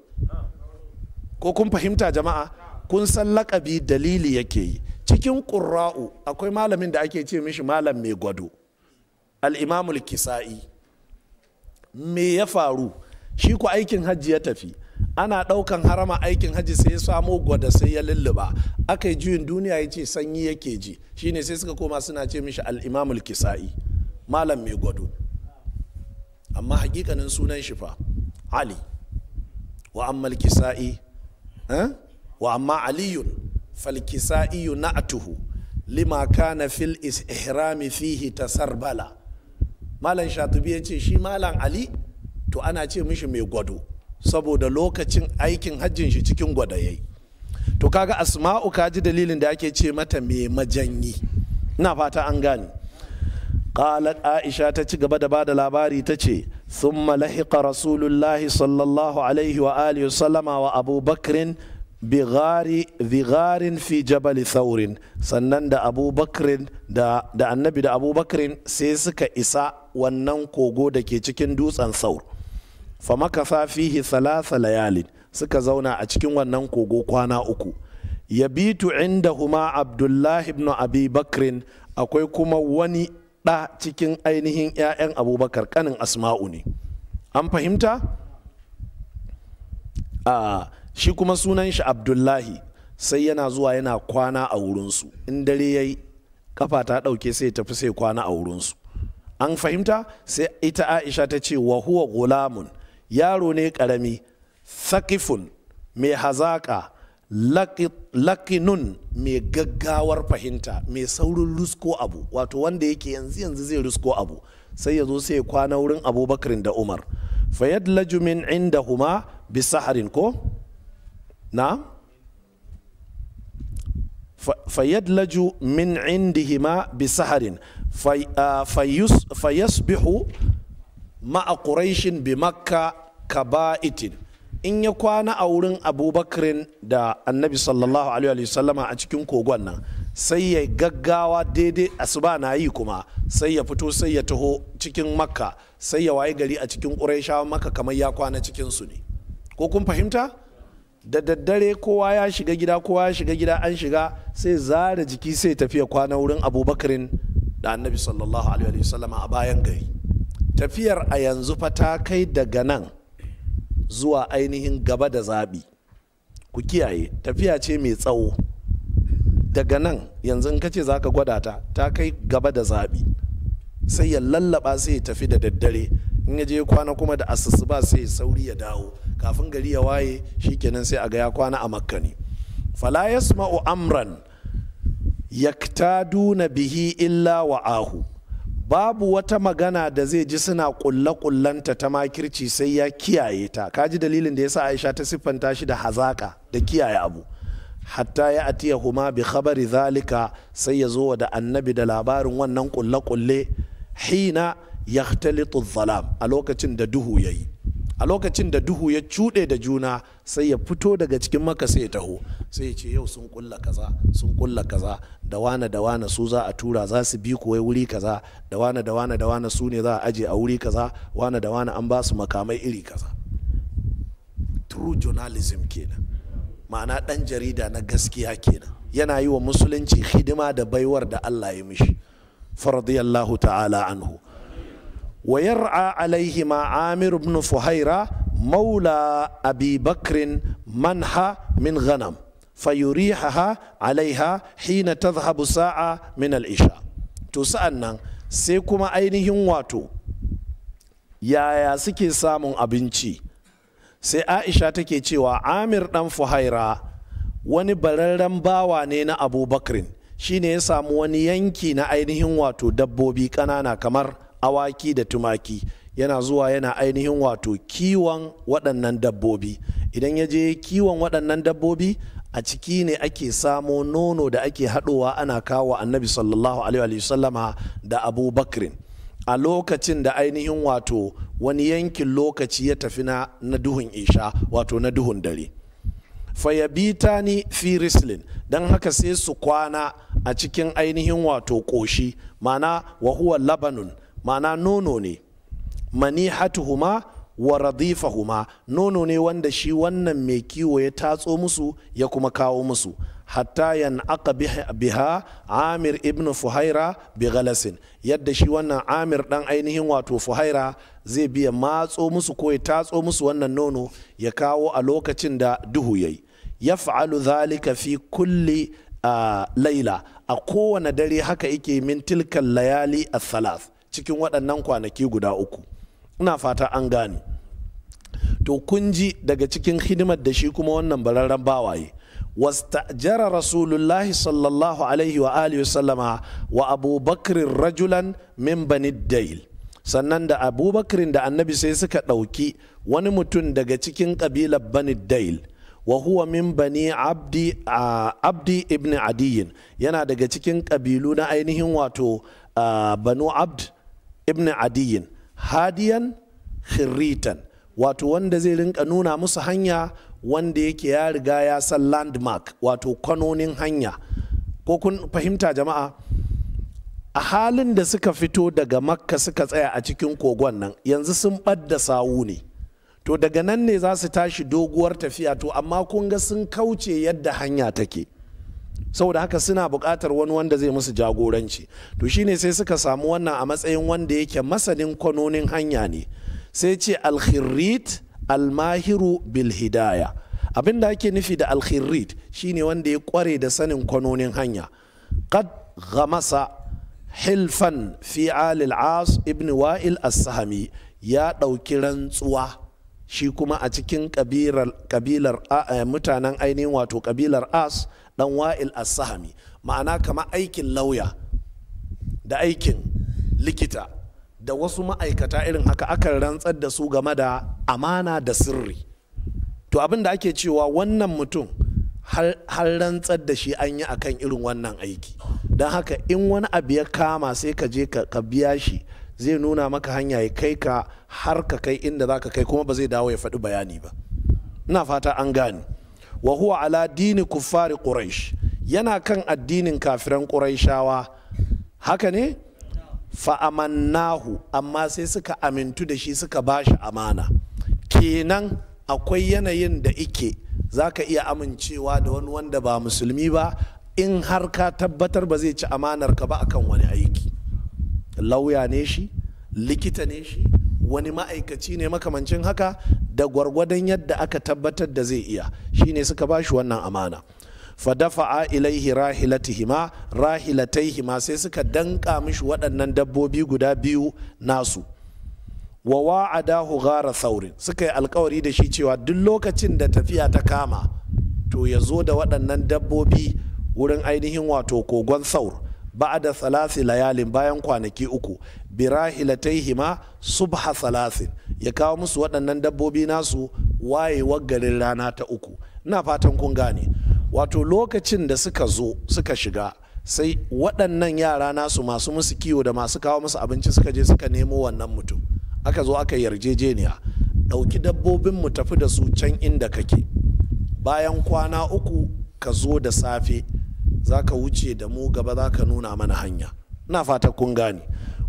ko kun fahimta jama'a kun san lakabi dalili yake yi cikin ƙurra'u akwai malamin da ake ce mishi malam mai gwado al'imamul kisa'i me ya faru shi ku aikin hajji ya tafi ana ɗaukan harama aikin hajji sai ya samo gwada sai ya lulluba aka yi juyin duniya ya ce sanyi yake ji ne sai suka koma suna ce mishi al'imamul kisa'i malam mai gwado amma hakikanin sunan shi fa ali wa kisa'i eh? wa amma aliyun falkisa'iyu na'atuhu lima kana fil ihrami fihi tasarbala malam shatubi ya ce shi malam ali to ana ce mishi mai gwado saboda lokacin aikin hajjin shi cikin gwada yayi to kaga asma'u ka ji dalilin da ake ce mata mai majanyi ina fata an gane gaba da bada labari ta ce. ثم لحق rasulullahi sallallahu alaihi wa alihi wa sallama wa بكر bigharin fi jabali saurin sannan da abubakarin da annabi da abubakarin sai suka isa wannan kogo da ke cikin dutsen saur Fa famakasa fihi salasa layalin suka zauna a cikin wannan kogo kwana uku Ya yabitu inda huma abdullahi ibn abi bakrin akwai kuma wani ɗa cikin ainihin 'ya'yan abubakar kanin asma'u ne an fahimta? shi kuma sunan shi abdullahi sai yana zuwa yana kwana a wurinsu in dare ya yi kafa ta ɗauke sai tafi sai kwana a wurinsu an fahimta sai ita aisha ta ce wa gulamun yaro ne ƙarami sakifun mai hazaƙa lakinun mai gaggawar fahimta mai saurin rusko abu wato wanda yake yanzu yanzu zai rusko abu sai ya zo sai kwana wurin abubakar da umar fayad lajumin inda huma bisaharin ko na fayyadlaju min indihima bi saharin ma ma'a ƙuraishin bi makka kaba'itin in ya kwana a wurin Abubakar da annabi sallallahu alaihi wasallama a cikin kogon nan sai ya gaggawa daidai asuba na yi kuma sai ya fito sai ya taho cikin makka sai ya waye gari a cikin ƙuraishawa makka kamar ya kwana cikinsu ne ko kun fahimta da daddare kowa ya shiga gida kowa ya shiga gida an shiga sai zara jiki sai tafiya kwana wurin abubakarin da annabi sallallahu alaihi wasallam a bayan gari tafiyar a yanzu fa ta kai daga nan zuwa ainihin gaba da zaɓi ku kiyaye tafiya ce mai tsawo daga nan yanzu in kace za ka gwada ta ta kai gaba da zabi sai ya lallaba sai ya tafi da daddare in ya je kwana kuma da asusu ba sai ya sauri ya dawo kafin gari ya waye shikenan sai a ga ya kwana a makka ne fala yasma'u amran yaktaduna bihi illa wa ahu babu wata magana da zai ji suna kulle kullanta ta makirci sai ya kiyaye ta kaji dalilin da yasa Aisha ta siffanta shi da hazaka da kiyaye abu hatta ya atiya huma bi khabari zalika sai ya zo da annabi da labarin wannan kulle kulle hina yahtalitu zalam a lokacin da duhu yayi a lokacin da duhu ya cuɗe da juna sai ya fito daga cikin maka sai ya taho sai ya ce yau sun kulla kaza sun kulla kaza da wane da wane su za a tura za su bi kuwai wuri kaza da wane da wane da wane su ne za a aje a wuri kaza wane da wane an ba su makamai iri kaza true journalism kenan ma'ana ɗan jarida na gaskiya kenan yana yi wa musulunci hidima da baiwar da Allah ya mishi faradiyallahu ta'ala anhu wa yar'a alaihima amir ibn fuhaira maula abi bakrin manha min ghanam fayurihaha alaiha hina tadhhabu sa'a min isha to sa'an nan sai kuma ainihin wato yaya suke samun abinci sai aisha take cewa amir dan fuhaira wani bararren bawa ne na abubakrin ne ya samu wani yanki na ainihin wato dabbobi ƙanana kamar awaki da tumaki yana zuwa yana ainihin wato kiwon waɗannan dabbobi idan ya je kiwon waɗannan dabbobi a ciki ne ake samo nono da ake haɗowa ana kawo annabi sallallahu alaihi wasallama da abu abubakrin a lokacin da ainihin wato wani yankin lokaci ya tafi na duhun isha wato na duhun dare fayabita ni fi rislin don haka sai su kwana a cikin ainihin wato ƙoshi mana wa huwa labanun ma'ana nono ne manihatuhuma wa radifahuma nono ne wanda shi wannan mai kiwo ya tatso musu ya kuma kawo musu hatta yan aka biha amir ibn fuhaira bi galasin yadda shi wannan amir dan ainihin wato fuhaira zai biya matso musu ko ya tatso musu wannan nono ya kawo a lokacin da duhu ya yi ya fa'alu zalika fi kulli laila a kowane dare haka yake min tilkan layali a thalath cikin waɗannan kwanaki guda uku ina fata an gane to kun ji daga cikin hidimar da shi kuma wannan bararren bawaye wasta'jara rasulullahi sallallahu alaihi wa alihi wa وسلم wa Abubakar رجلا min بني sannan da Abubakar da annabi sai suka ɗauki wani mutum daga cikin ƙabilar bani dail wa huwa min bani abdi, abdi ibn adiyin yana daga cikin ƙabilu na ainihin wato banu abd ibn adiyin hadiyan khirritan wato wanda zai rinka nuna musu hanya wanda yake ya riga ya san landmark wato kwanonin hanya ko kun fahimta jama'a a halin da suka fito daga makka suka tsaya a cikin kogon nan yanzu sun ɓadda sawu ne to daga nan ne za su tashi doguwar tafiya to amma kun ga sun kauce yadda hanya take saboda haka suna buƙatar wani wanda zai musu jagoranci to shine sai suka samu wannan a matsayin wanda yake masanin kwanonin hanya ne sai ce alkhirrit almahiru bilhidaya abin da ake nufi da alkhirrit shine wanda ya kware da sanin kwanonin hanya qad ghamasa hilfan fi alil as ibn wa'il as-sahami ya ɗauki rantsuwa shi kuma a cikin kabilar eh, mutanen ainihin wato kabilar as dan wa'il as-sahami ma'ana kama aikin lauya da aikin likita da wasu ma'aikata irin haka aka rantsar da su game da amana da sirri to abin da ake cewa wannan mutum har rantsar da shi an yi akan irin wannan aiki don haka in wani abu ya kama sai ka je ka biya shi zai nuna maka hanya ya kai ka har ka kai inda za ka kai kuma ba zai dawo ya faɗi bayani ba ina fata an gane wa huwa ala dini kuffari quraish yana kan addinin kafiran quraishawa haka ne fa amannahu amma sai suka amintu da shi suka bashi amana kenan akwai yanayin da ike za ka iya amincewa da wani wanda ba musulmi ba in har ka tabbatar ba zai ci amanar ka ba akan wani aiki lauya ne shi likita ne shi wani ma'aikaci ne makamancin haka da gwargwadon yadda aka tabbatar da zai iya shine suka ba shi wannan amana fadafa'a ilaihi rahilatihima rahilataihima sai suka danka mishi waɗannan dabbobi guda biyu nasu wa wa'adahu gara saurin suka yi alkawari da shi cewa duk lokacin da tafiya ta kama to ya zo da waɗannan dabbobi wurin ainihin wato kogon saur ba'da salasi layalin bayan kwanaki uku birahilataihima subha salasin ya kawo musu waɗannan dabbobi nasu wayewar garin rana ta uku ina fatan kun gane wato lokacin da suka zo suka shiga sai waɗannan yara nasu masu musu kiwo da masu kawo musu abinci suka je suka nemo wannan mutum aka zo aka yarjejeniya ɗauki dabbobin mu tafi da su can inda kake bayan kwana uku ka zo da safe za ka wuce da mu gaba za ka nuna mana hanya na fata kun gane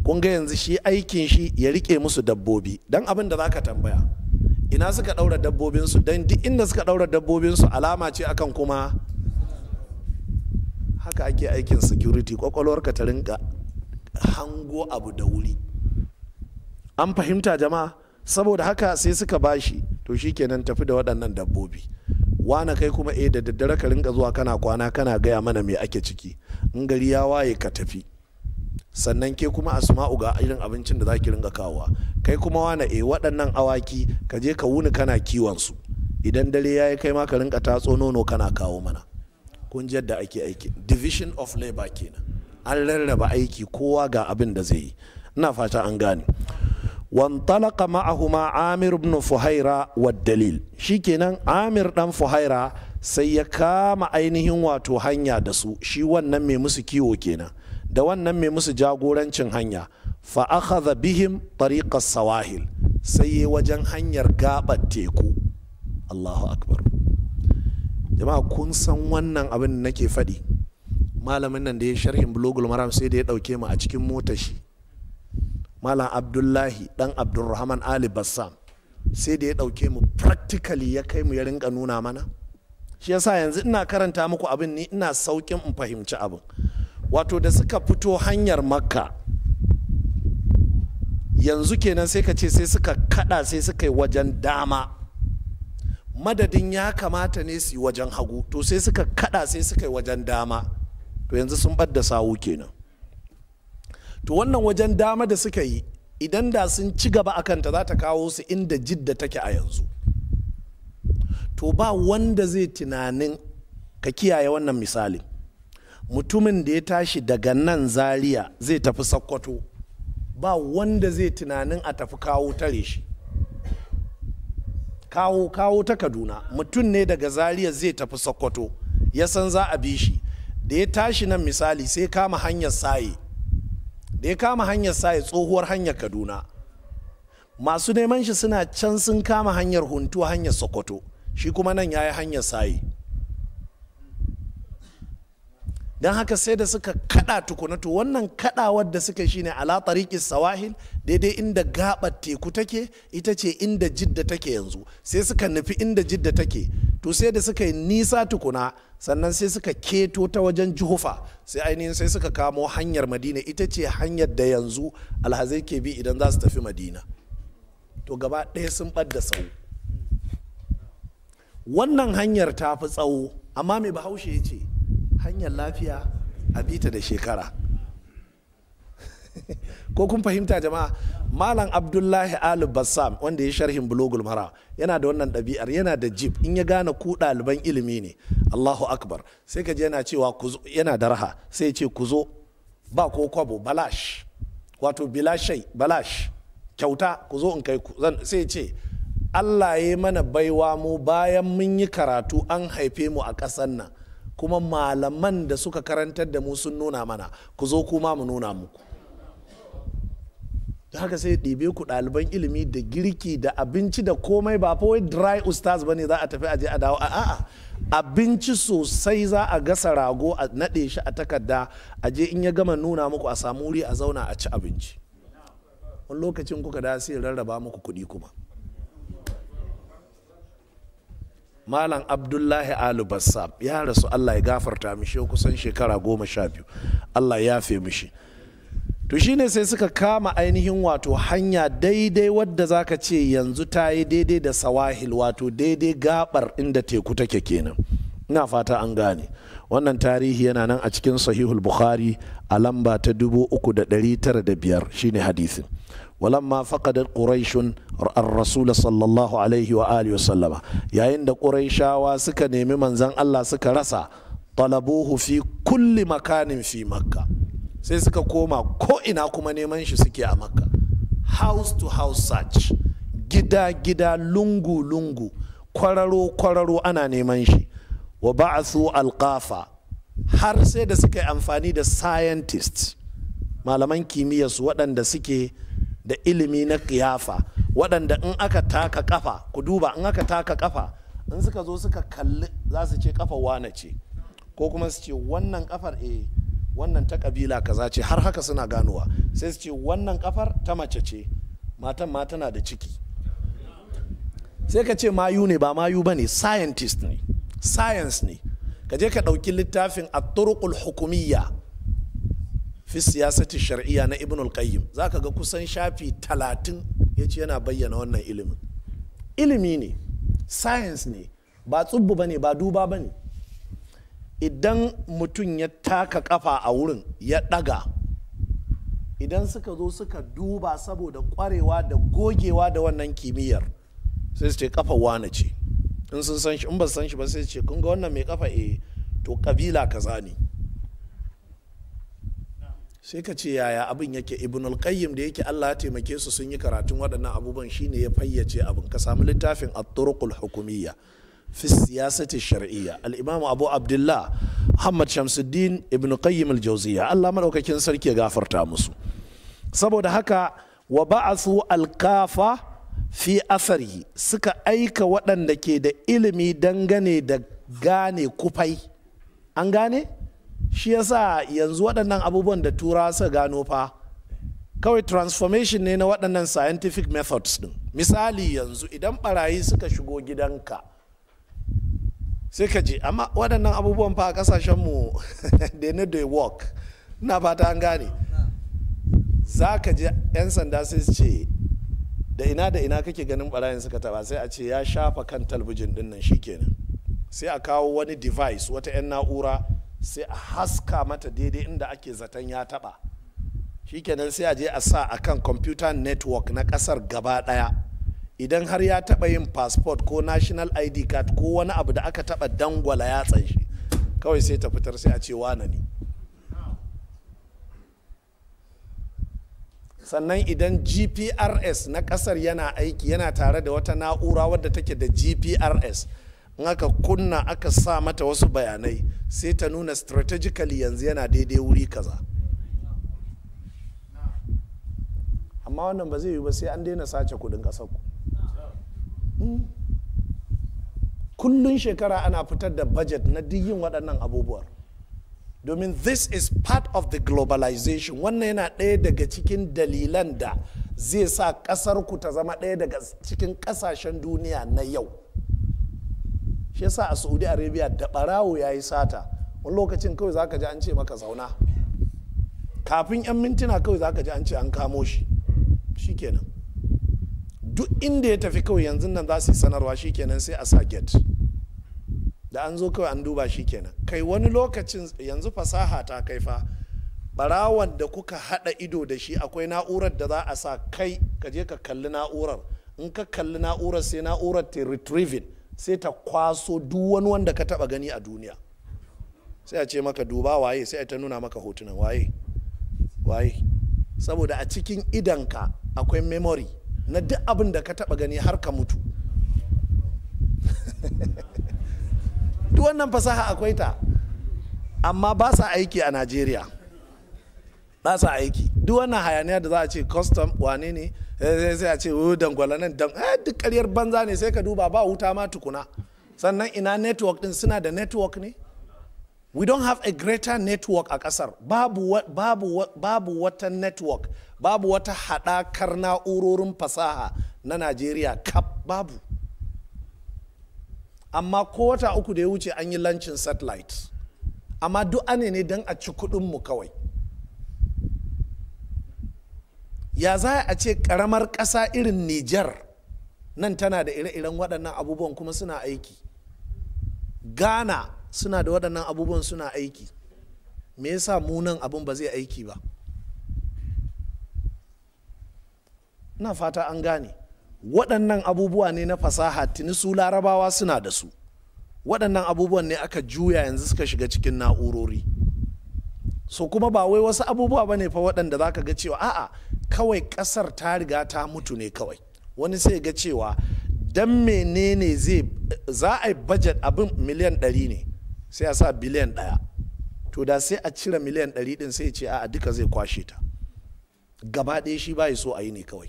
kun ga yanzu shi aikin shi ya rike musu dabbobi Don abin da za ka tambaya ina suka daura dabbobinsu don duk inda suka ɗaura dabbobinsu alama ce akan kuma haka ake aikin security ka ta rinka hango abu da wuri an fahimta jama'a saboda haka sai suka bashi to shi kenan tafi da waɗannan dabbobi wana kai kuma eh da daddare ka ringa zuwa kana kwana kana gaya mana me ake ciki in gari ya waye ka tafi sannan ke kuma asma'u ga irin abincin da za ki ringa kawowa kai kuma wane eh waɗannan awaki ka je ka wuni kana kiwon su idan dare ya yi kai ma ka ringa tatso nono kana kawo mana kun da ake aiki division of labor kenan an rarraba aiki kowa ga abin da zai yi ina fata an gane wantalaka ma'ahuma amir ibn fuhaira wa dalil shikenan amir dan fuhaira sai ya kama ainihin wato hanya da su shi wannan mai musu kiwo kenan da wannan mai musu jagorancin hanya fa akhadha bihim tariqas sawahil sai ya wajen hanyar gaɓar teku Allahu akbar jama'a kun san wannan abin da nake faɗi malamin nan da ya sharhin blogul maram sai da ya ɗauke mu a cikin motar shi malam abdullahi ɗan abdulrahman ali bassam sai da ya ɗauke mu practically ya kai mu ya rinka nuna mana shi yasa yanzu ina karanta muku abin ni ina saukin in fahimci abin wato da suka fito hanyar makka yanzu kenan sai ka ce sai suka kaɗa sai suka yi wajen dama madadin ya kamata ne su yi wajen hagu to sai suka kaɗa sai suka yi wajen dama to yanzu sun bar da sawu kenan to wannan wajen dama da suka yi idan da sun ci gaba a kanta za ta kawo su inda jidda take a yanzu to ba wanda zai tunanin ka kiyaye wannan misali mutumin da ya tashi daga nan zaria zai tafi sakkwato ba wanda zai tunanin a tafi kawo tare shi kawo kawo ta kaduna mutum ne daga zaria zai tafi sokoto ya san za a bi shi da ya tashi nan misali sai kama hanyar saye da ya kama hanyar saye tsohuwar hanyar kaduna masu neman shi suna can sun kama hanyar huntu hanyar sokoto shi kuma nan ya yi hanyar saye don haka sai da suka kada tukuna to wannan kadawar da suka shine ala tariqis sawahil daidai inda gabar teku take ita ce inda jidda take yanzu sai suka nufi inda jidda take to sai da suka yi nisa tukuna sannan sai suka keto ta wajen juhufa sai ainihin sai suka kamo hanyar madina ita ce hanyar da yanzu alhazai ke bi idan za su tafi madina to gaba ɗaya sun ɓadda sau wannan hanyar ta fi tsawo amma mai bahaushe ya ce hanyar lafiya a bita da shekara ko kun fahimta jama'a malam abdullahi ali bassam wanda ya sharhin bulogul mara yana da wannan ɗabi'ar yana da jib in ya gane ku ɗaliban ilimi ne allahu akbar sai ka je yana cewa yana da raha sai ce ku zo ba ko kwabo balash wato bilashai balash kyauta ku zo in kai ku sai ce allah ya mana baiwa mu bayan mun yi karatu an haife mu a ƙasar nan kuma malaman da suka karantar da mu sun nuna mana ku zo kuma mu nuna muku da haka sai ɗebe ku ɗaliban ilimi da girki da abinci da komai ba fa wai dry ustaz bane za a tafi aje a dawo a'a abinci sosai za a gasa rago a naɗe shi a takarda aje in ya gama nuna muku a samu wuri a zauna a ci abinci wani lokacin kuka da sai rarraba muku kuɗi kuma malam abdullahi alu bassam ya rasu allah ya gafarta mishi kusan shekara goma sha biyu allah ya fe mishi to shine sai suka kama ainihin wato hanya daidai wadda zaka ce yanzu ta yi daidai da sawahil wato daidai gabar inda teku take kenan ina fata an gane wannan tarihi yana nan a cikin sahihul bukhari a lamba ta dubu uku da da tara biyar shine hadisin walamma faqadat quraishun ar-rasul sallallahu alaihi wa alihi wa sallama yayin da quraishawa suka nemi manzon Allah suka rasa talabuhu fi kulli makanin fi makka sai suka koma ko ina kuma neman shi suke a makka house to house search gida gida lungu lungu kwararo kwararo ana neman shi wa ba'athu alqafa har sai da suka yi amfani da scientists malaman su waɗanda suke da ilimi na kiyafa waɗanda in aka taka kafa ku duba in aka taka kafa in suka zo suka kalli za su ce kafa wane ce ko kuma su ce wannan kafar e eh, wannan ta kabila kaza ce har haka suna ganowa sai su ce wannan kafar ta mace ce matan ma tana da ciki sai ka ce mayu ne ba mayu bane ne scientist ne science ne ka je ka ɗauki littafin a turqul hukumiyya fi siyasati shar'iyya na ibn al-qayyim zaka ga kusan shafi talatin ya ce yana bayyana wannan ilimin ilimi ne science ne ba tsubbu ba ne ba duba ba ne idan mutum ya taka kafa a wurin ya daga idan suka zo suka duba saboda kwarewa da gogewa da wannan kimiyyar sai su ce kafa wane ce in sun san shi in ba san shi ba sai su ce kun ga wannan mai kafa eh to kabila kaza ne sai ka ce yaya abin yake ibnul qayyim da yake Allah ya taimake su sun yi karatun waɗannan abubuwan shine ya fayyace abin ka samu littafin at-turuqul hukumiyya fi siyasati shar'iyya al-imam abu abdullah muhammad shamsuddin ibn qayyim al Allah madaukakin sarki ya gafarta musu saboda haka wa ba'asu alkafa fi asari suka aika waɗanda ke da ilimi dangane da gane kufai an gane shi yasa yanzu waɗannan abubuwan da tura suka gano fa kawai transformation ne na waɗannan scientific methods ɗin misali yanzu idan barayi suka shigo gidanka sai ka ji amma waɗannan abubuwan fa a ƙasashenmu they need to work na fata an gane za ka ji 'yan sanda sai su ce da ina da ina kake ganin barayin suka taba sai a ce ya shafa kan talbijin ɗin nan shikenan sai a kawo wani device wata 'yan na'ura sai a haska mata daidai inda ake zaton ya taba shikenan sai a je a sa a kan computer network na kasar gaba daya idan har ya taba yin passport ko national id card ko wani abu da aka taba dangwala ya tsanshi kawai sai ta fitar sai a ce wane ne sannan idan gprs na kasar yana aiki yana tare da wata na'ura wadda take da gprs in aka kunna aka sa mata wasu bayanai sai ta nuna strategically yanzu yana daidai wuri kaza amma wannan ba zai yi ba sai an daina sace kudin kasar ku hmm. kullun shekara ana fitar da budget na duk yin waɗannan abubuwan domin this is part of the globalization wannan yana ɗaya daga cikin dalilan da zai sa ƙasar ku ta zama ɗaya daga cikin ƙasashen duniya na yau shi yasa a saudi arabia da barawo ya yi sata wani lokacin kawai za ka ji an ce maka zauna kafin 'yan mintuna kawai za ka ji an ce an kamo shi shikenan duk inda ya tafi kawai yanzu nan za su yi sanarwa shikenan sai a sa gate da an zo kawai an duba shikenan kai wani lokacin yanzu fasaha ta kai fa barawan da kuka hada ido da shi akwai na'urar da za a sa kai ka je ka kalli na'urar in ka kalli na'urar sai na'urar ta retrieving sai ta kwaso duk wani wanda ka taba gani a duniya sai a ce maka duba waye sai ta nuna maka hotunan waye waye saboda a cikin idanka akwai memory na duk abin da ka taba gani har ka mutu duk wannan fasaha akwai ta amma ba sa aiki a najeriya ba sa aiki duk wannan hayaniya da za a ce custom wane ne Eh, sai a ce oh, dangwala nan dan eh, duk karyar banza ne sai ka duba ba wuta ma tukuna sannan ina network din suna da network ne we don't have a greater network a kasar babu babu babu wata network babu wata haɗakar na'urorin fasaha na najeriya kap babu amma ko wata uku da ya wuce an yi lancin satellite amma duk ne dan a ci mu kawai ya za a ce karamar ƙasa irin Nijar nan tana da ire-iren waɗannan abubuwan kuma suna aiki Ghana suna da waɗannan abubuwan suna aiki me yasa mu nan abin ba zai aiki ba na fata an gane waɗannan abubuwa ne na fasaha tuni su larabawa suna da su waɗannan abubuwan ne aka juya yanzu suka shiga cikin na'urori. so kuma ba wai wasu abubuwa ba ne fa waɗanda za ka ga cewa a'a kawai ƙasar ta riga ta mutu ne kawai wani sai ga cewa dan menene zai za a yi budget abin miliyan ɗari ne sai a sa biliyan ɗaya to da sai a cire miliyan ɗari ɗin sai ce a'a duka zai kwashe ta gaba ɗaya shi ba so a yi ne kawai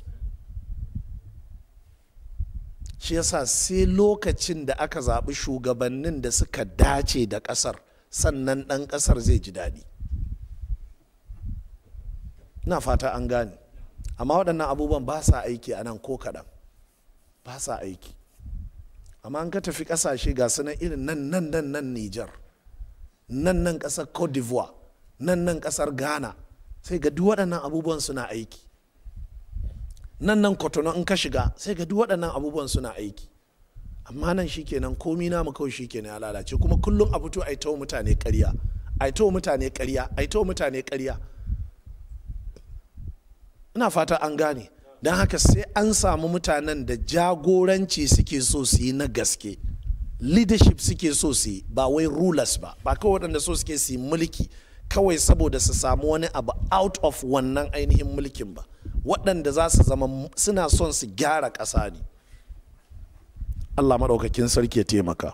shi yasa sai lokacin da aka zaɓi shugabannin da suka dace da ƙasar sannan ɗan ƙasar zai ji daɗi ina fata an gane amma waɗannan abubuwan ba sa aiki a nan ko kaɗan ba sa aiki amma an ka tafi ƙasashe ga su irin nan nan nan nan nijar nan nan ƙasar cote d'ivoire nan nan ƙasar ghana sai ga duk waɗannan abubuwan suna aiki nan nan kotono in ka shiga sai ga duk waɗannan abubuwan suna aiki amma nan shikenan komi na mu kawai shikenan ya lalace kuma kullum a fito a yi mutane ƙarya a yi mutane ƙarya a yi mutane karya. ina fata an gane don haka sai an samu mutanen da jagoranci suke so su yi na gaske leadership suke so su yi ba wai rulers ba ba kawai waɗanda so suke su yi mulki kawai saboda su samu wani abu out of wannan ainihin mulkin ba waɗanda za su zama suna son su gyara ƙasa ne allah maɗaukakin sarki ya taimaka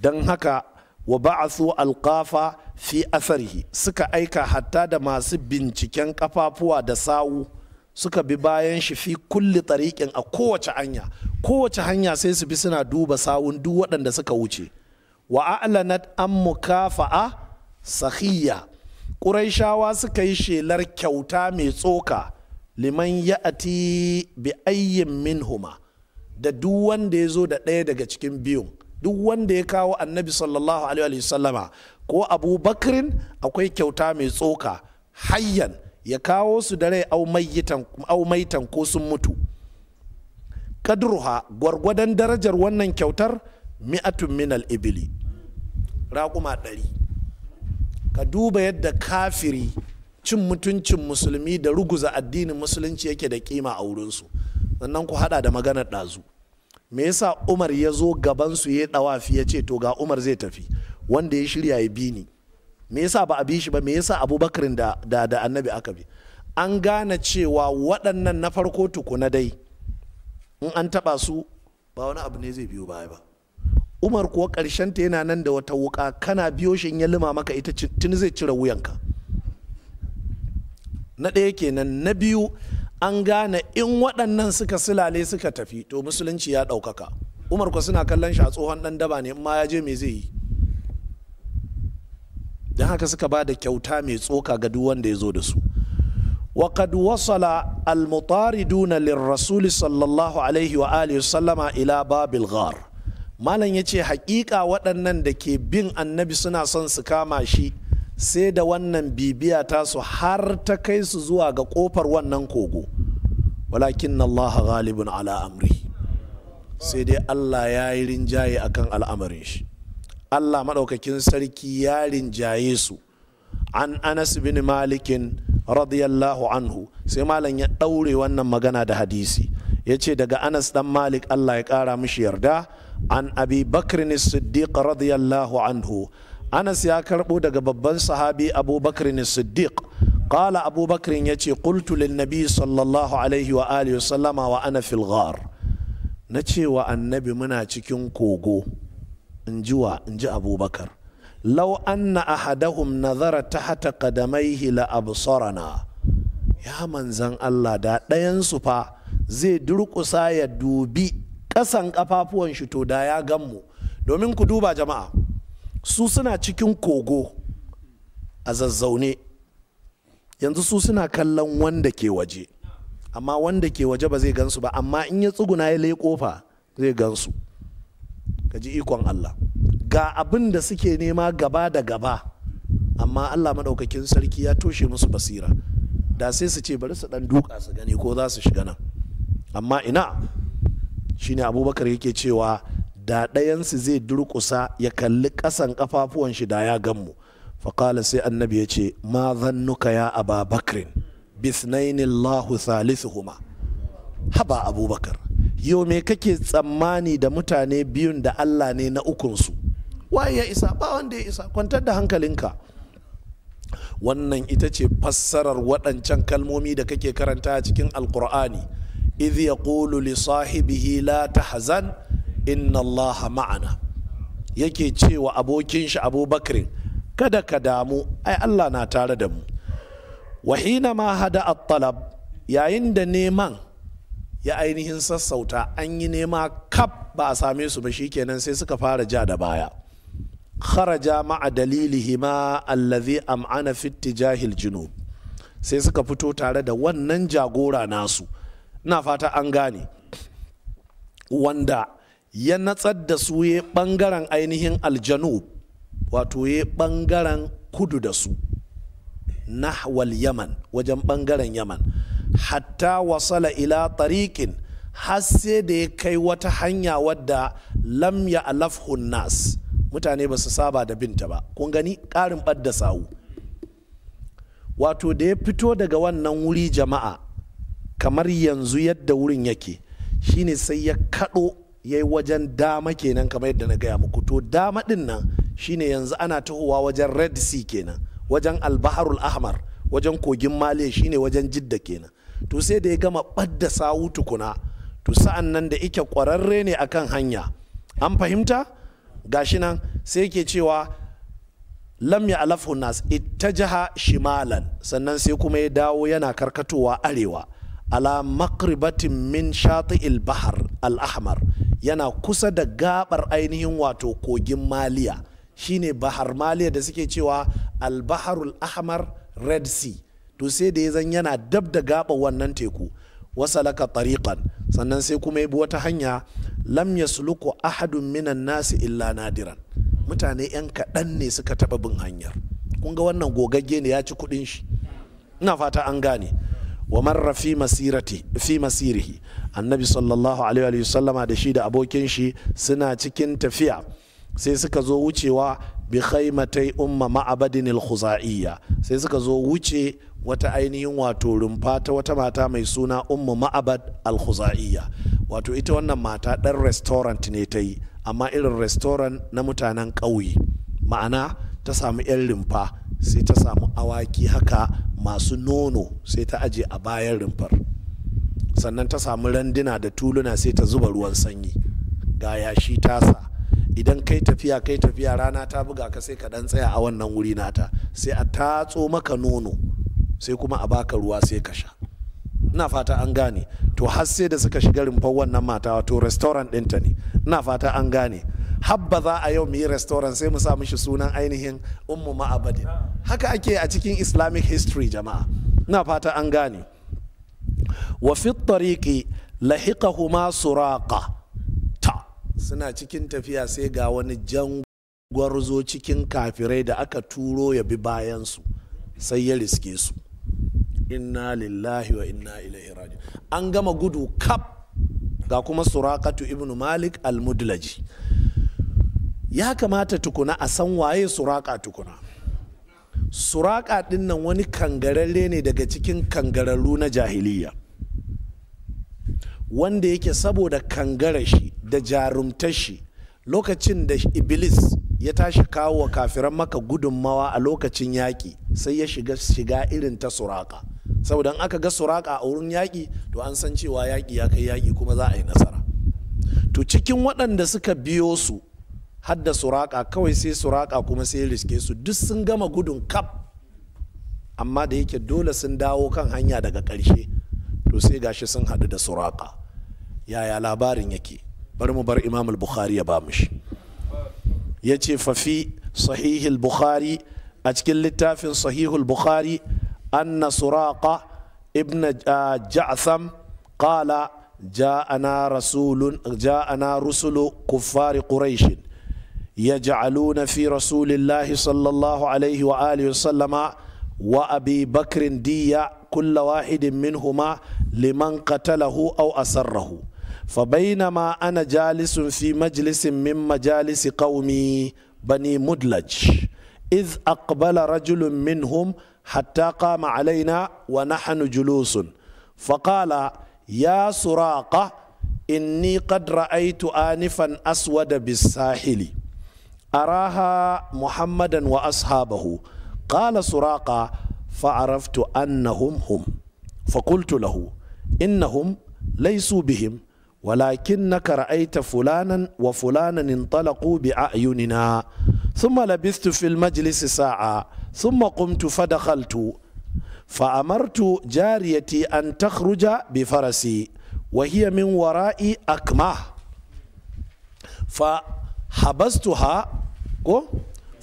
don haka wa ba'athu alqafa fi atharihi suka aika hatta da masu binciken kafafuwa da sawu suka bi bayan shi fi kulli tariqin a kowace hanya kowace hanya sai su bi suna duba sawun duk waɗanda suka wuce wa a'lanat an mukafa'a sahiya ƙuraishawa suka yi shelar kyauta mai tsoka liman ya'ati bi ayyin minhuma da duk wanda ya zo da ɗaya daga cikin biyun duk wanda ya kawo annabi sallallahu alaihi sallama ko abubakrin akwai kyauta mai tsoka hayyan ya kawo su da rai aumaitan ko sun mutu kadruha gwargwadon darajar wannan kyautar mi'atun minal ibili raƙuma ɗari ka duba yadda kafiri cin mutuncin musulmi da ruguza addinin musulunci yake da kima a wurinsu sannan ku hada da maganar ɗazu me yasa umar ya zo gaban su ya dawafi ya ce to ga umar zai tafi wanda ya shirya ya bi ni me yasa ba a bi shi ba me yasa abubakar da da, da annabi aka bi an gane cewa waɗannan na farko tukuna dai in an taɓa su ba wani abu ne zai biyo baya ba umar kuwa ƙarshen ta yana nan da wata wuka kana biyo shi in ya lima maka ita tun zai cire wuyanka na ɗaya kenan na biyu an gane in waɗannan suka silale suka tafi to musulunci ya ɗaukaka umar ku suna kallon shi a tsohon ɗan daba ne ma ya je me zai yi don haka suka ba da kyauta mai tsoka ga duk wanda ya zo da su وقد وصل المطاردون للرسول صلى الله عليه wa وسلم Ila باب Ghar malam ya ce haƙiƙa waɗannan da ke bin annabi suna son su kama shi sai da wannan bibiya ta su har ta kai su zuwa ga ƙofar wannan kogo walakin Allah ghalibun ala amri sai dai Allah ya yi rinjaye akan al'amarin shi Allah maɗaukakin sarki ya rinjaye su an Anas bin Malikin radiyallahu anhu sai malam ya ɗaure wannan magana da hadisi ya ce daga Anas dan Malik Allah ya ƙara mishi yarda an Abi Bakr Siddiq radiyallahu anhu anas ya karbo daga babban sahabi abubakar siddiq qala abubakar ya ce qultu lin nabi sallallahu alaihi wa alihi sallama wa ana fil ghar na ce wa annabi muna cikin kogo in ji wa in ji abubakar law anna ahadahum nazara tahta qadamaihi la absarana ya manzan Allah da su fa zai durƙusa ya dubi ƙasan ƙafafuwan shi to da ya gan mu domin ku duba jama'a su suna cikin kogo a zazzaune yanzu su suna kallon wanda ke waje amma wanda ke waje ba zai gansu ba amma in ya tsuguna ya lai kofa zai gansu ka ji ikon Allah ga abin da suke nema gaba da gaba amma Allah maɗaukakin sarki ya toshe musu basira da sai su ce bari su ɗan duka su gani ko za su shiga nan amma ina shine abubakar yake cewa da ɗayansu zai durƙusa ya kalli ƙasan ƙafafuwan shi da ya ganmu faƙala sai annabi ya ce ma zannuka ya aba bakrin Salisu salisuhuma haba abubakar yau me kake tsammani da mutane biyun da allah ne na ukunsu waye ya isa ba wanda ya isa kwantar da hankalinka wannan ita ce fassarar waɗancan kalmomi da kake karanta a cikin alkur'ani idh yaqulu li sahibihi la tahzan inna Allah ma'ana yake cewa abokin shi abubakar kada ka damu ai Allah na tare da mu wahina ma hada at-talab yayin da neman ya ainihin sassauta an yi nema kaf ba a same su ba shikenan sai suka fara ja da baya kharaja ma'a dalilihima allazi am'ana fi tijahil junub sai suka fito tare da wannan jagora nasu na fata an gane wanda ya natsar da su ya ɓangaren ainihin Aljanu wato ya ɓangaren kudu da su na nahwal yaman wajen ɓangaren yaman hatta wasala ila tariqin har sai da ya kai wata hanya wadda lam ya alaf nas mutane ba su saba da binta ba kun gani ƙarin ɓadda sawu wato da ya fito daga wannan wuri jama'a kamar yanzu yadda wurin yake shine sai ya kaɗo ya yi wajen dama kenan kamar yadda na gaya muku to dama din nan shine yanzu ana tahowa wajen red sea kenan wajen albaharul ahmar wajen kogin maliya shine wajen jidda kenan to sai da ya gama ɓadda sawu tukuna to sa'an nan da ike kwararre ne akan hanya an fahimta gashi nan sai ke cewa lam ya alafu nas ittajaha shimalan sannan sai kuma ya dawo yana karkatowa arewa ala makribatin min shati'il bahar al-ahmar yana kusa da gabar ainihin wato kogin maliya shine bahar maliya da suke cewa al-baharul ahmar red sea to sai da ya zan yana dab da gaba wannan teku wasalaka tariqan sannan sai kuma ya bi wata hanya lam yasluku ahadun minan nasi illa nadiran mutane yan kaɗan ne suka taɓa bin hanyar kun ga wannan gogagge ne ya ci kuɗin shi ina fata an gane wa marra fi masirihi annabi sallallahu alaihi wa sallama da shi da abokin shi suna cikin tafiya sai suka zo wucewa bi umma ma'abadin al sai suka zo wuce wata ainihin wato rumfa ta wata mata mai suna umma ma'abad al wato ita wannan mata ɗan restaurant ne tayi yi amma irin restaurant na mutanen ƙauye ma'ana ta samu 'yan rumfa sai ta samu awaki haka masu nono sai ta aje a bayan rumfar sannan ta samu randuna da tuluna sai ta zuba ruwan sanyi ga yashi tasa idan kai tafiya kai tafiya rana ta buga ka sai ka dan tsaya a wannan wuri nata sai a tatso maka nono sai kuma a baka ruwa sai ka sha ina fata an gane to har sai da suka shiga rumfar wannan mata wato restaurant ɗinta ne ina fata an gane habba za a yau mu yi restaurant sai mu sa mishi sunan ainihin ummu ma'abadin haka ake a cikin islamic history jama'a na fata an gane wa fi tariqi lahiqahuma suraqa ta suna cikin tafiya sai ga wani jan gwarzo cikin kafirai da aka turo ya bi bayansu sai ya riske su inna lillahi wa inna ilaihi raji an gama gudu kap ga kuma surakatu ibnu malik al-mudlaji ya kamata tukuna a san waye suraka tukuna suraka dinnan wani kangararre ne daga cikin kangararru na jahiliya wanda yake saboda kangarashi da jarumtashi lokacin da iblis ya tashi kawo wa kafiran maka gudunmawa a lokacin yaƙi sai ya shiga shiga irin ta suraka saboda aka ga suraka a wurin yaƙi to an san cewa yaƙi ya kai yaƙi kuma za a yi nasara to cikin waɗanda suka biyo su hadda suraka kawai sai suraka kuma sai riske su duk sun gama gudun kaf amma da yake dole sun dawo kan hanya daga ƙarshe to sai gashi sun hadu da suraka yaya labarin yake bar mu bar imam al-bukhari ya ba shi. ya ce fafi sahihul bukhari a cikin littafin sahihul bukhari anna suraka ibn ja'tham qala ja'ana rasulun ja'ana rusulu kuffari quraishin يجعلون في رسول الله صلى الله عليه وآله وسلم وأبي بكر دية كل واحد منهما لمن قتله أو أسره فبينما أنا جالس في مجلس من مجالس قومي بني مدلج إذ أقبل رجل منهم حتى قام علينا ونحن جلوس فقال يا سراقة إني قد رأيت آنفا أسود بالساحل أراها محمدا وأصحابه قال سراقة فعرفت أنهم هم فقلت له إنهم ليسوا بهم ولكنك رأيت فلانا وفلانا انطلقوا بأعيننا ثم لبثت في المجلس ساعة ثم قمت فدخلت فأمرت جاريتي أن تخرج بفرسي وهي من ورائي أكمه فحبستها ko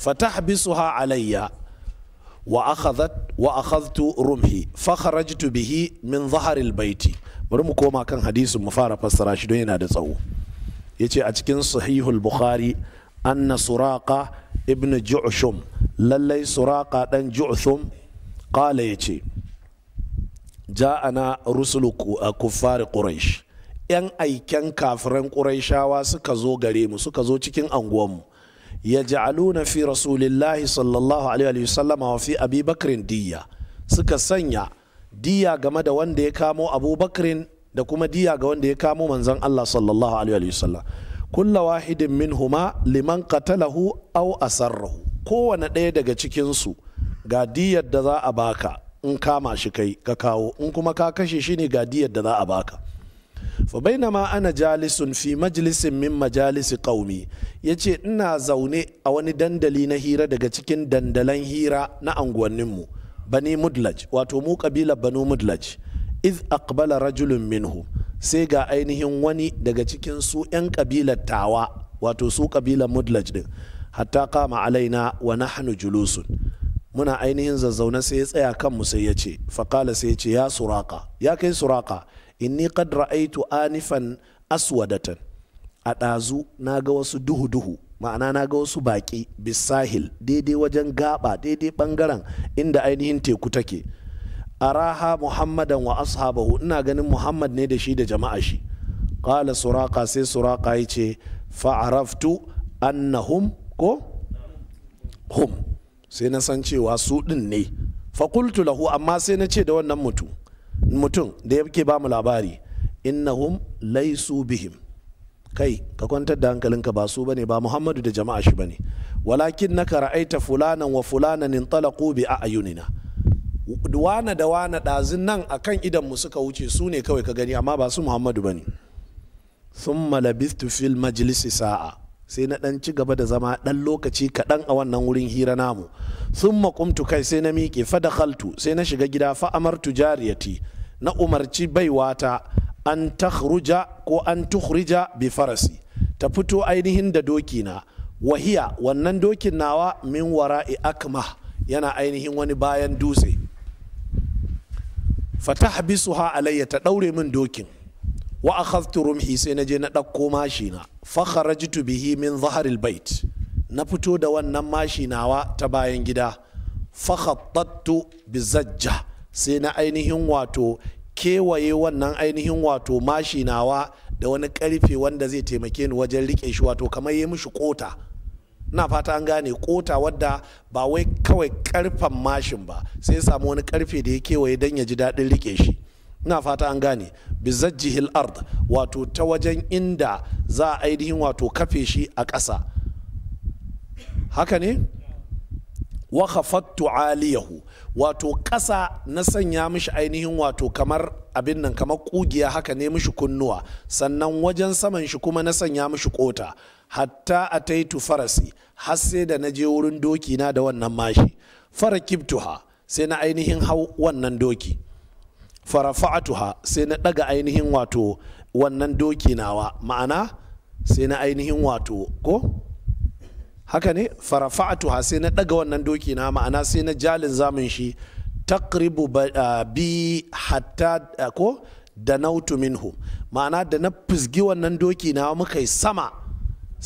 fatahbisuha alayya wa akhadhat wa akhadhtu rumhi fa kharajtu bihi min dhahril baiti bari mu koma kan hadisin mu fara fassara shi don yana da tsawo yace a cikin sahihul bukhari anna suraqa ibn ju'shum lallai suraqa dan ju'shum qala yace ja'ana rusulu kuffar quraish yan aiken kafiran quraishawa suka zo gare mu suka zo cikin mu. yaj'aluna fi rasulillahi sallallahu alaihi wa sallam wa fi abi diya suka sanya diya game da wanda ya kamo abubakrin da kuma diya ga wanda ya kamo manzon Allah sallallahu alaihi wa sallam kulla wahidin minhuma liman qatalahu aw asarrahu kowane ɗaya daga cikin su ga diyar da za a baka in kama shi kai ka kawo in kuma ka kashe shi ne ga diyar da za a baka Fa bai na ma ana Jalisun fi majalisun min majalisi ƙauni ya ce ina zaune a wani dandali na hira daga cikin dandalan hira na unguwanninmu bani mudlaj wato mu kabila banu mudlac if akabala rajulun minhu sai ga ainihin wani daga cikin su yan kabila tawa wato su kabila mudlaj ɗin hatta kama alaina wa na hannu julusun muna ainihin zazzau na sai ya tsaya kanmu sai ya ce Faqalas ya ce ya kai suraka inni qad ra'aitu anifan aswadatan a ɗazu na ga wasu duhu-duhu ma'ana na ga wasu baƙi bisahil daidai wajen gaɓa daidai ɓangaren inda ainihin teku take araha muhammadan wa ashabahu ina ganin muhammad ne da shi da jama'a shi qala suraka sai suraka ya ce fa'araftu annahum ko hum sai na san cewa su ɗin ne fakultu lahu amma sai na ce da wannan mutum mutum da yake ba mu labari innahum laisu bihim kai ka kwantar da hankalinka ba su bane ba muhammadu da jama'a shi bane walakin naka ra'aita fulanan wa fulanan intalaqu bi a'yunina wana da wana ɗazin nan akan idan mu suka wuce su ne kawai ka gani amma ba su muhammadu bane thumma labistu fil majlisi sa'a sai na ɗan ci gaba da zama ɗan lokaci kaɗan a wannan wurin hira namu sun makumtu kai sai na miƙe fa dakhaltu sai na shiga gida fa amartu jariyati na umarci baiwata an takruja ko an tukhrija bi farasi ta fito ainihin da doki na wahiya wannan dokin nawa min wara'i akma yana ainihin wani bayan dutse fatahbisuha alayya ta daure min dokin wa akhadhtu rumhi sai na je na ɗauko mashina. na fa bihi min zaharil bait na fito da wannan mashi nawa ta bayan gida fa bi bizajja sai na ainihin wato kewaye wannan ainihin wato mashi nawa da wani karfe wanda zai taimake ni wajen rike shi wato kamar yi mishi kota na fata an gane kota wadda ba wai kawai karfen mashin ba sai ya samu wani karfe da ya kewaye don ya ji daɗin rike shi na fata an gane bizajjihil ard wato ta wajen inda za a ainihin wato kafe shi a ƙasa haka ne wa khafattu aliyahu wato ƙasa na sanya mishi ainihin wato kamar abin nan kamar kugiya haka ne mishi kunnuwa sannan wajen saman shi kuma na sanya mishi kota hatta a taitu farasi har sai da na je wurin doki na da wannan mashi farakibtuha sai na ainihin hau wannan doki farafa'atuha sai na daga ainihin wato wannan doki nawa ma'ana sai na ainihin wato ko haka ne farafa'atuha sai na daga wannan doki na ma'ana sai na jalin zamun shi taqribu bi hatta ko da nautu minhu ma'ana da na fusgi wannan doki na muka yi sama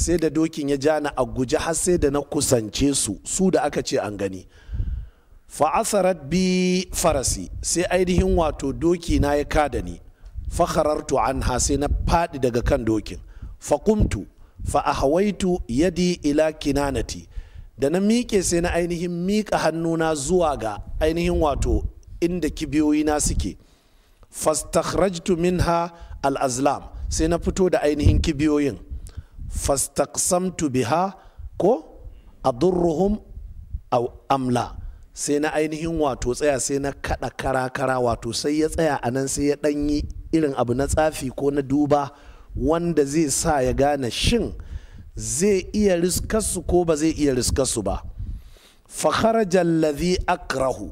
sai da dokin ya jana a guji har sai da na kusance su su da aka ce an gani fa'asarat bi farasi sai ainihin wato doki na ya kada ni fakharartu ha sai na faɗi daga kan dokin fakumtu fa ahawaitu yadi ila kinanati da na miƙe sai na ainihin miƙa hannuna zuwa ga ainihin wato inda kibiyoyina suke fastakhrajtu minha al-azlam sai na fito da ainihin kibiyoyin fastaqsamtu biha ko adurruhum aw amla sai na ainihin wato tsaya sai na kada kara kara wato sai ya tsaya anan sai ya danyi irin abu na tsafi ko na duba wanda zai sa ya gane shin zai iya riskarsu ko ba zai iya riskarsu ba fakharajar ladhi akrahu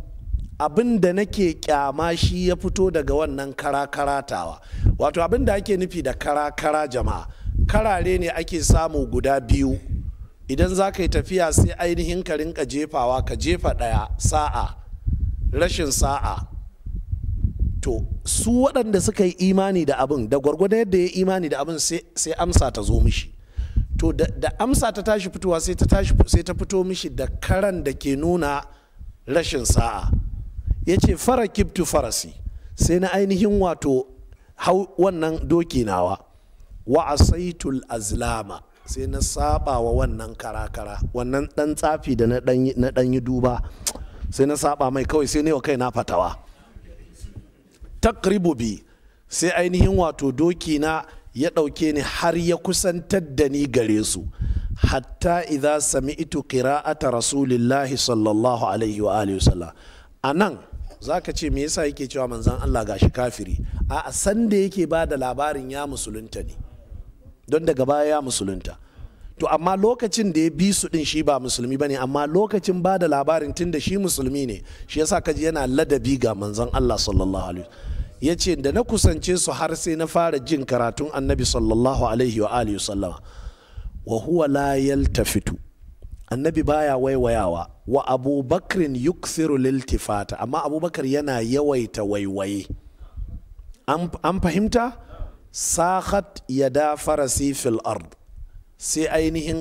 abin da nake kyama shi ya fito daga wannan karakaratawa wato abin da ake nufi da karakara jama'a karare ne ake samu guda biyu idan za ka yi tafiya sai ainihin ka rinka jefawa ka jefa ɗaya sa'a rashin sa'a to su waɗanda suka yi imani da abin da gwargwadon yadda ya imani da abin sai amsa ta zo mishi to da amsa ta tashi fitowa sai ta tashi sai ta fito mishi da karan da ke nuna rashin sa'a ya ce fara kibtu farasi sai na ainihin wato hau wannan doki nawa wa asaitul azlama sai na saba wa wannan karakara wannan dan tsafi da na dan yi duba sai na saba mai kawai sai ne wa kai na fatawa taqribu bi sai ainihin wato doki na ya ɗauke ni har ya kusantar da ni gare su hatta idza sami'tu qira'ata rasulillahi sallallahu alaihi wa alihi wasallam anan zaka ce me yasa yake cewa manzon Allah gashi kafiri a san da yake ba da labarin ya musulunta ne don daga baya ya musulunta to amma lokacin da ya bi su din shi ba musulmi bane amma lokacin ba da labarin tun da shi musulmi ne shi yasa kaji yana ladabi ga manzon Allah sallallahu alaihi wasallam ya ce da na kusance su har sai na fara jin karatun annabi sallallahu alaihi wa alihi sallama wa huwa la yaltafitu annabi baya waiwayawa wa abubakrin yukthiru liltifata amma abubakar yana yawaita waiwaye an fahimta sahat ya farasi fil ard sai ainihin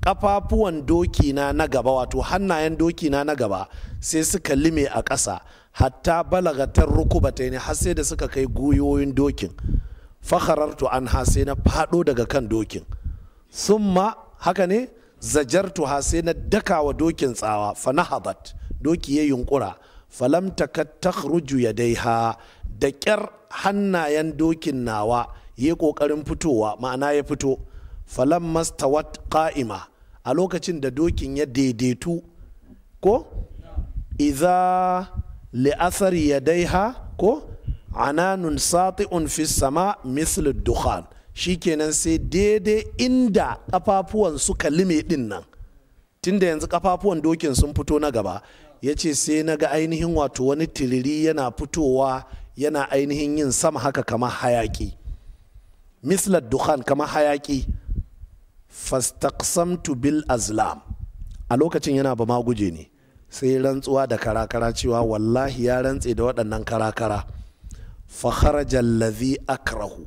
kafafuwan dokina na gaba wato hannayen dokina na gaba sai suka lime a ƙasa hatta balagatar rukubatai ne har sai da suka kai guyoyin dokin to an ha sai na fado daga kan dokin summa haka ne zajartu ha sai na dakawa dokin tsawa fa doki ya yunkura falam takat takhruju yadaiha da kyar hannayen dokin nawa ya kokarin fitowa ma'ana ya fito falam mastawat qa'ima a lokacin da dokin ya daidaitu ko iza li'athar yadaiha ko ananun sati'un fi sama mislu shi kenan sai daidai inda kafafuwan suka lime din nan tunda yanzu kafafuwan dokin sun fito na gaba ya ce sai na ga ainihin wato wani tiriri yana fitowa yana ainihin yin sama haka kamar hayaki mislar dukhan kamar hayaki fastaqsamtu bil azlam a lokacin yana ba ma guje ne sai rantsuwa da karakara cewa wallahi ya rantse da waɗannan karakara fakharajan lazi akrahu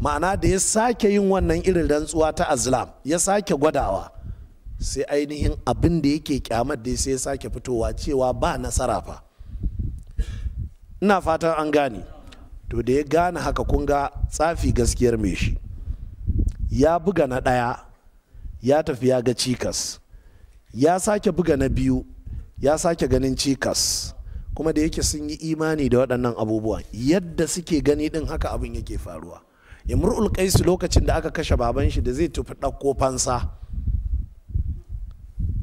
ma'ana da ya sake yin wannan irin rantsuwa ta azlam ya sake gwadawa sai ainihin abin da yake kyamar da sai ya sake fitowa cewa ba nasara fa ina fatan an gane to da ya gane haka kun ga tsafi gaskiyar mai shi ya buga na ɗaya ya tafi ya ga cikas ya sake buga na biyu ya sake ganin cikas kuma da yake sun yi imani da waɗannan abubuwan yadda suke gani ɗin haka abin yake faruwa mur'ul qais lokacin da aka kashe baban shi da zai tufi ɗauko fansa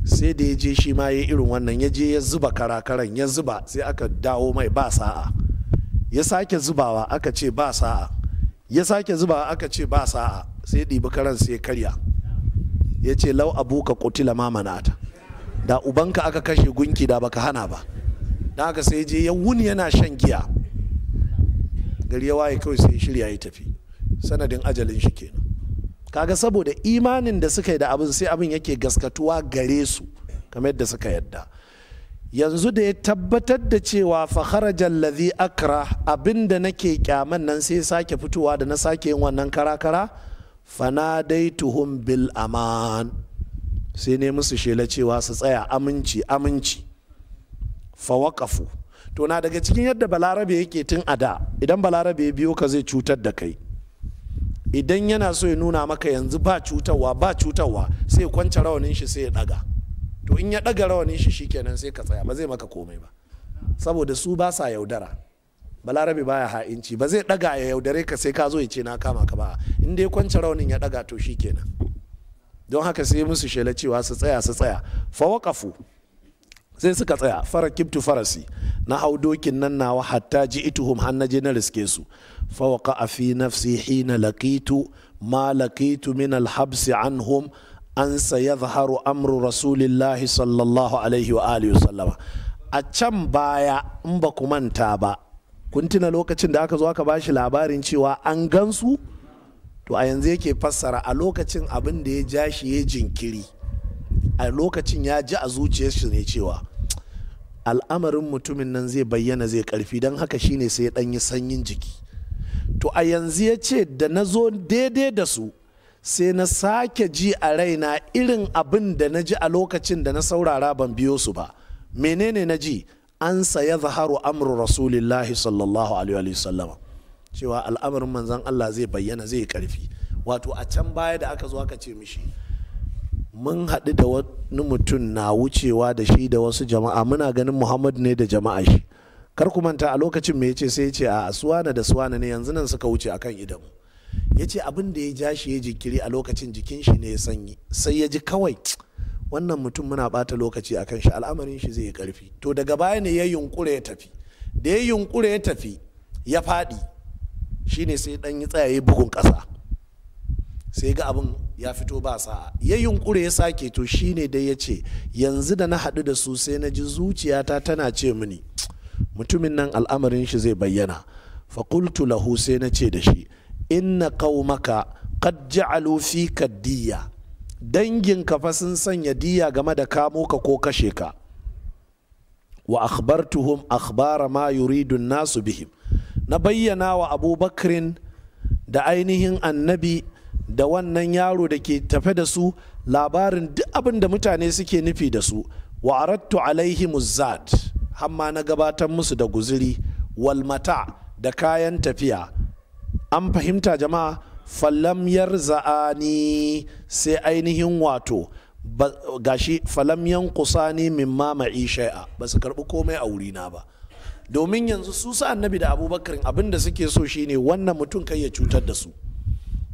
sai da ya je shi ma ya irin wannan ya je ya zuba karakaran ya zuba sai aka dawo mai ba sa'a ya sake zubawa aka ce ba sa'a ya sake zubawa aka ce ba sa'a sai ɗibi karan sai karya ya ce lau abuka kutila ma manata da ubanka aka kashe gunki da baka hana ba da aka sai je ya wuni yana shan giya gari ya waye kawai sai shirya ya tafi sanadin ajalin shi kenan kaga saboda imanin da suka yi da abin sai abin yake gaskatuwa gare su kamar yadda suka yadda yanzu da ya tabbatar da cewa fahara jallazi akra abinda nake kyaman nan sai sake fitowa da na sake yin wannan kara-kara fanadaituhum bil aman sai ne musu shela cewa su tsaya aminci aminci fawakafu to na daga cikin yadda balarabe yake tun a da idan balarabe ya biyo ka zai cutar da kai idan yana so ya nuna maka yanzu ba cutarwa ba cutarwa sai kwanci rawanin shi sai ya daga to in ya daga rawanin shi shikenan sai ka tsaya ba zai maka komai ba saboda su ba sa yaudara balarabe baya ha'inci ba zai daga ya yaudare ka sai ka zo ya ce na kama ka ba in dai kwanci rawanin ya daga to shi shikenan don haka sai musu shela cewa su tsaya su tsaya fawakafu sai suka tsaya kiftu farasi na hau dokin nan nawa hatta ji ituhum har na je na riske su fawaka a fi nafsi hina laqitu ma laqitu min alhabs anhum an zaharu amru rasulillahi sallallahu alaihi wa alihi sallama a can baya in ba ku manta ba kun tuna lokacin da aka zo aka bashi labarin cewa an gansu to a yanzu yake fassara a lokacin abin da ya ja shi ya jinkiri a lokacin ya ji a zuciyar shi ne cewa al'amarin mutumin nan zai bayyana zai karfi don haka shine sai ya yi sanyin jiki to a yanzu ya ce da na zo daidai da su sai na sake ji a raina irin abin da na ji a lokacin da na saurara ban biyo su ba menene na ji an saya zaharu amru rasulillahi sallallahu alaihi wasallama cewa al'amarin manzan Allah zai bayyana zai karfi wato a can baya da aka zo aka ce mishi mun haɗu da wani mutum na wucewa da shi da wasu jama'a muna ganin muhammad ne da jama'a shi kar ku manta a lokacin me yace sai yace a suwana da suwana ne yanzu nan suka wuce akan idan yace abin da ya ja shi ya jinkiri a lokacin jikin shi ne ya sanyi sai ya ji kawai wannan mutum muna bata lokaci akan shi al'amarin shi zai karfi to daga baya ne ya yunkure ya tafi da ya yunkure ya tafi ya faɗi shine sai dan yi tsaye bugun ƙasa sai ga abin ya fito ba sa'a ya yunkure ya sake to shine dai ya ce yanzu da na haɗu da su sai na ji zuciyata tana ce mini mutumin nan al'amarin shi zai bayyana fakultu lahu sai na ce da shi inna qaumaka qad ja'alu fika diya danginka fa sun sanya diya game da kamo ka ko kashe ka wa akhbartuhum akhbara ma yuridu nasu bihim na bayyana wa abubakrin da ainihin annabi da wannan yaro da ke tafe da su labarin duk abin da mutane suke nufi da su wa arattu alaihi muzad hamma na gabatar musu da guziri walmata da kayan tafiya an fahimta jama'a falam za'ani sai ainihin wato gashi falam ne min ma'i shai'a ba su karɓi komai a wurina ba domin yanzu su sa annabi da abubakar abin da suke so shine wannan mutum kai ya cutar da su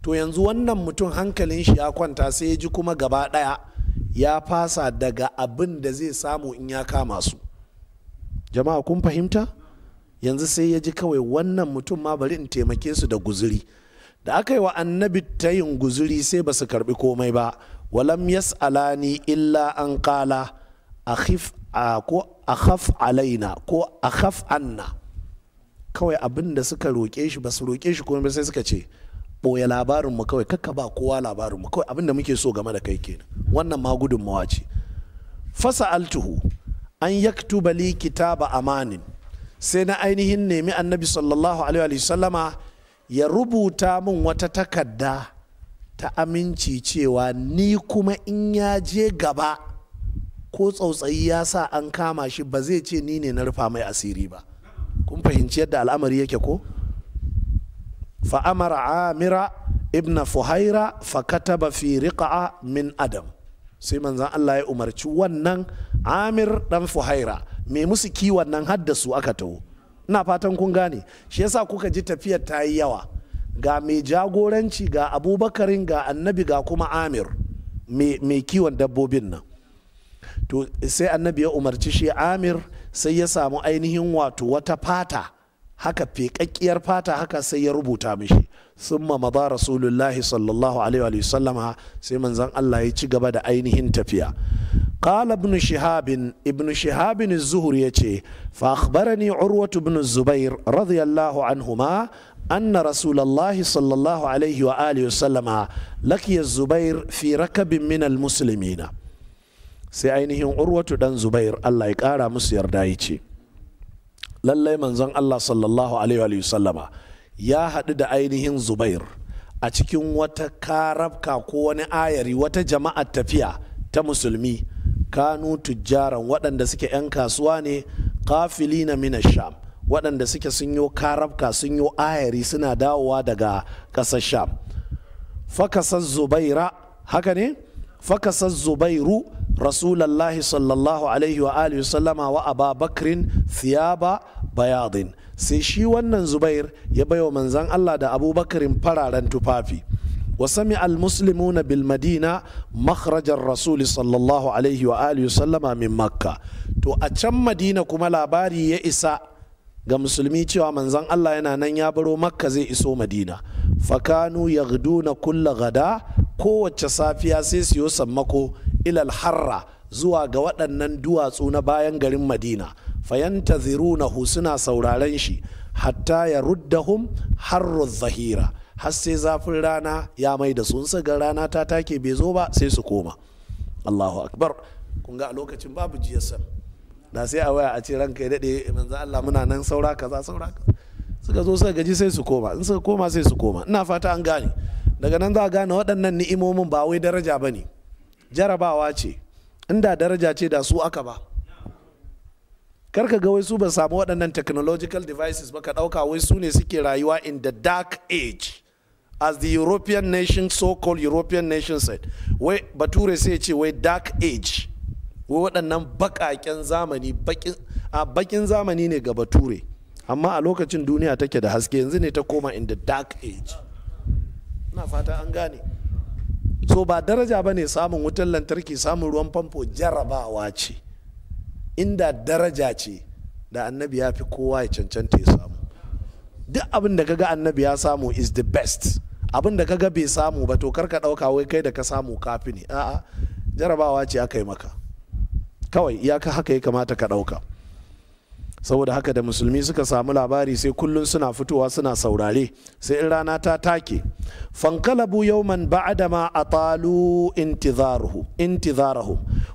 to yanzu wannan mutum hankalin shi ya kwanta sai ya ji kuma gaba ɗaya ya fasa daga abin da zai samu in ya kama su jama'a kun fahimta yanzu sai ya ji kawai wannan mutum ma bari in taimake su da guzuri da aka yi wa annabi ta yin guzuri sai ba su karbi komai ba walam yas'alani illa an kala akhif ko a haf alaina ko a haf anna kawai abin da suka roƙe shi ba su roƙe shi kuma sai suka ce ɓoye labarinmu kawai kakka ba kowa labarinmu kawai abin da muke so game da kai kenan wannan ma gudunmawa ce fasa altuhu an yaktuba li kitaba amanin sai na ainihin nemi annabi sallallahu alaihi sallama ya rubuta min wata takarda ta aminci cewa ni kuma in ya je gaba ko tsautsayi ya sa an kama shi ba zai ce ni ne na rufa mai asiri ba kun fahimci yadda al'amari yake ko fa'amara amira ibn fuhaira fa fi riqa'a min adam sai manzan Allah ya umarci wannan amir dan fuhaira mai musu kiwon nan haddasu aka taho ina fatan kun gane shi yasa kuka ji tafiyar ta yi yawa ga mai jagoranci ga abubakarin ga annabi ga kuma amir mai kiwon dabbobin nan to sai annabi ya umarci shi amir sai ya samu ainihin wato wata fata haka feƙaƙƙiyar fata haka sai ya rubuta mishi summa maza rasulullahi sallallahu alaihi sallama sai manzon Allah ya ci gaba da ainihin tafiya qala ibn shihabin ibn shihabin az-zuhur yace fa akhbarani urwatu ibn zubair radiyallahu anhuma أن رسول الله صلى الله عليه وآله وسلم لقي الزبير في ركب من المسلمين sai ainihin urwatu dan zubair allah ya kara musu yarda ya ce lallai manzon allah sallallahu alaihi sallama ya haɗu da ainihin zubair a cikin wata karabka ko wani ayari wata jama'a tafiya ta musulmi kanu tujjaran waɗanda suke 'yan kasuwa ne kafili na sham waɗanda suke sun yo karabka sun yo ayari suna dawowa daga ƙasar sham fakasar zubaira haka ne fakasar zubairu rasulallahi sallallahu alaihi wa alihi sallama wa aba thiyaba bayadin sai shi wannan zubair ya baiwa manzan allah da abubakarin fararen tufafi وسمع المسلمون بالمدينة مخرج الرسول صلى الله عليه وآله وسلم من مكة تو أتم مدينة كما لاباري يئسا ga musulmi cewa manzon Allah yana nan ya baro makka zai iso madina fakanu na kulla gada kowace safiya sai su yi sammako ilal harra zuwa ga waɗannan duwatsu na bayan garin madina fayanta zirunahu suna sauraren shi hatta ya ruddahum harrun zahira har sai zafin rana ya mai da sun ga rana ta take bai zo ba sai su koma allahu akbar kun ga a lokacin babu gsm da sai a waya a ce ranka ya daɗe manzan allah muna nan saura kaza saura kaza suka zo suka gaji sai su koma in suka koma sai su koma ina fata an gane daga nan za a gane waɗannan ni'imomin ba wai daraja ba ne jarabawa ce inda daraja ce da su aka ba kar ka ga wai su ba samu waɗannan technological devices ba ka ɗauka wai su ne suke rayuwa in the dark age as the european nation so called european nation said wai bature sai ce wai dark age wai waɗannan baƙaƙen zamani a baƙin zamani ne ga bature amma a lokacin duniya take da haske yanzu ne ta koma in the dark age na fata an gane so ba daraja ba ne samun wutar lantarki samun ruwan famfo jarabawa ce inda daraja ce da annabi ya fi kowa ya cancanta ya samu duk abin da kaga annabi ya samu is the best abin da kaga bai samu ba to karka ɗauka wai kai da ka samu kafi ne a'a jarabawa ce aka yi maka kawai iyaka haka ya kamata ka ɗauka saboda haka da musulmi suka samu labari sai kullum suna fitowa suna saurare sai in rana ta take fankalabu yauman ba'da ma atalu intizarahu intizarahu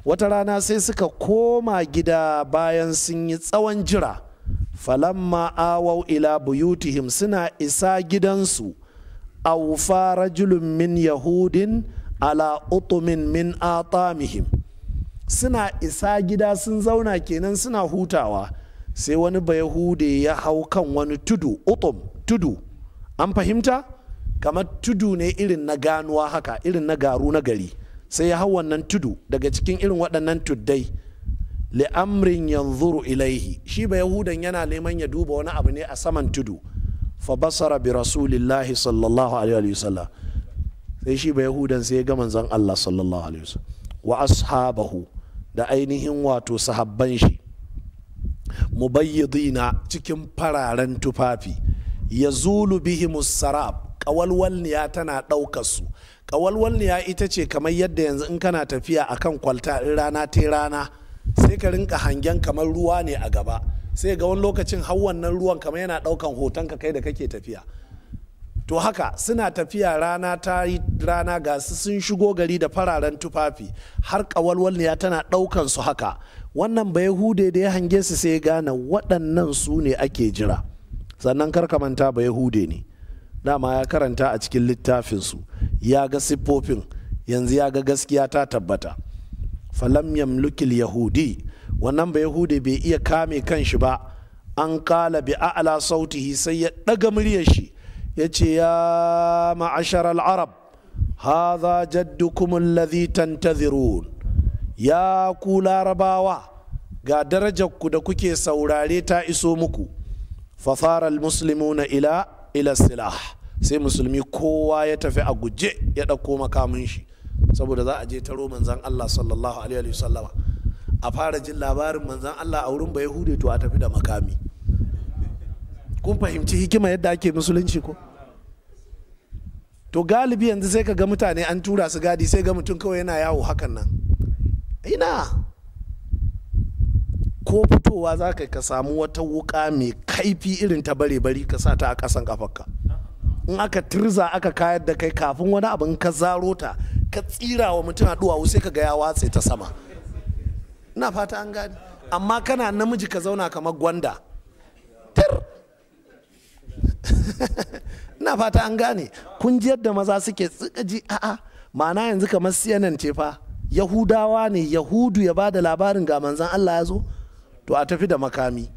wata rana sai suka koma gida bayan sun yi tsawon jira falamma awau ila buyutihim suna isa gidansu awfa rajulun min yahudin ala utumin min atamihim suna isa gida sun zauna kenan suna hutawa sai wani bayahude ya hau kan wani tudu utum tudu an fahimta kamar tudu ne irin na ganuwa haka irin na garu na gari sai ya hau wannan tudu daga cikin irin waɗannan tuddai li'amrin yanzuru ilaihi shi bayahudan yana neman ya duba wani abu ne a saman tudu fa basara bi rasulillahi sallallahu alaihi wa sallam sai shi ba yahudan sai ya ga manzon Allah sallallahu alaihi wa sallam wa ashabahu da ainihin wato sahabban shi mubayyidina cikin fararen tufafi ya zulu bihimus sarab ƙawalwalniya tana ɗaukar su ƙawalwalniya ita ce kamar yadda yanzu in kana tafiya akan kwalta in rana ta rana sai ka rinka hangen kamar ruwa ne a gaba sai ga wani lokacin har wannan ruwan kamar yana ɗaukan hoton ka kai da kake tafiya to haka suna tafiya rana ta rana ga su sun shigo gari da fararen tufafi har ƙawalwalniya tana ɗaukan su haka wannan ba yahude da ya hange su sai gane waɗannan su ne ake jira sannan karka manta ba yahude ne dama ya karanta a cikin littafinsu ya ga siffofin yanzu ya ga gaskiya ta tabbata falam yamlukil yahudi wannan ba yahude bai iya kame kanshi ba an kala bi a'la sautihi sai ya ɗaga muryar shi ya ce ya ma'ashar al'arab hadha jaddukum alladhi tantazirun ya ku larabawa ga darajarku da kuke saurare ta iso muku fafaral na ila ila silah sai musulmi kowa ya tafi a guje ya ɗauko makamin shi saboda za a je taro manzan Allah sallallahu alaihi wasallama a fara jin labarin manzan Allah a wurin bai hude to a tafi da makami kun fahimci hikima yadda ake musulunci ko to galibi yanzu sai ka ga mutane an tura su gadi sai ga mutum kawai yana yawo hakan nan ina ko fitowa za ka ka samu wata wuka mai kaifi irin ta bare bari ka sa ta a ƙasan kafarka in aka turza aka kayar da kai kafin wani abin ka zaro ta ka tsira wa mutum a duwawu sai ka ga ya watse ta sama ina fata an gani amma kana namiji ka zauna kamar gwanda tir ina fata an gane kun ji yadda maza suke tsika ji a'a ma'ana yanzu kamar CNN ce fa yahudawa ne yahudu ya ba da labarin ga manzan allah ya zo to a tafi da makami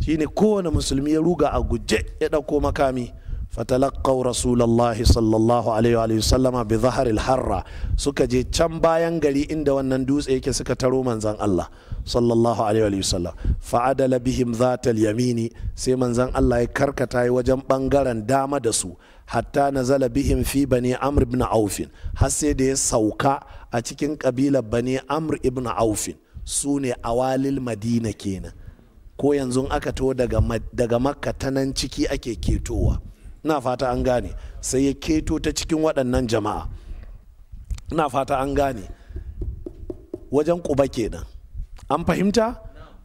shine kowane musulmi ya ruga a guje ya ɗauko makami fatalakau rasulallahi sallallahu alaihi sallama bi zaharil harra suka je can bayan gari inda wannan dutse yake suka taro manzan Allah sallallahu alaihi wasallam fa'adala bihim zatal yamini sai manzan Allah ya karkata yi wajen bangaren dama da su hatta nazala bihim fi bani amr ibn aufin har sai da ya sauka a cikin ƙabilar bani amr ibn aufin su ne awalil madina kenan ko yanzu aka to daga makka ta nan ciki ake ketowa na fata an gane sai ya keto ta cikin waɗannan jama'a na fata an gane wajen kuba kenan an fahimta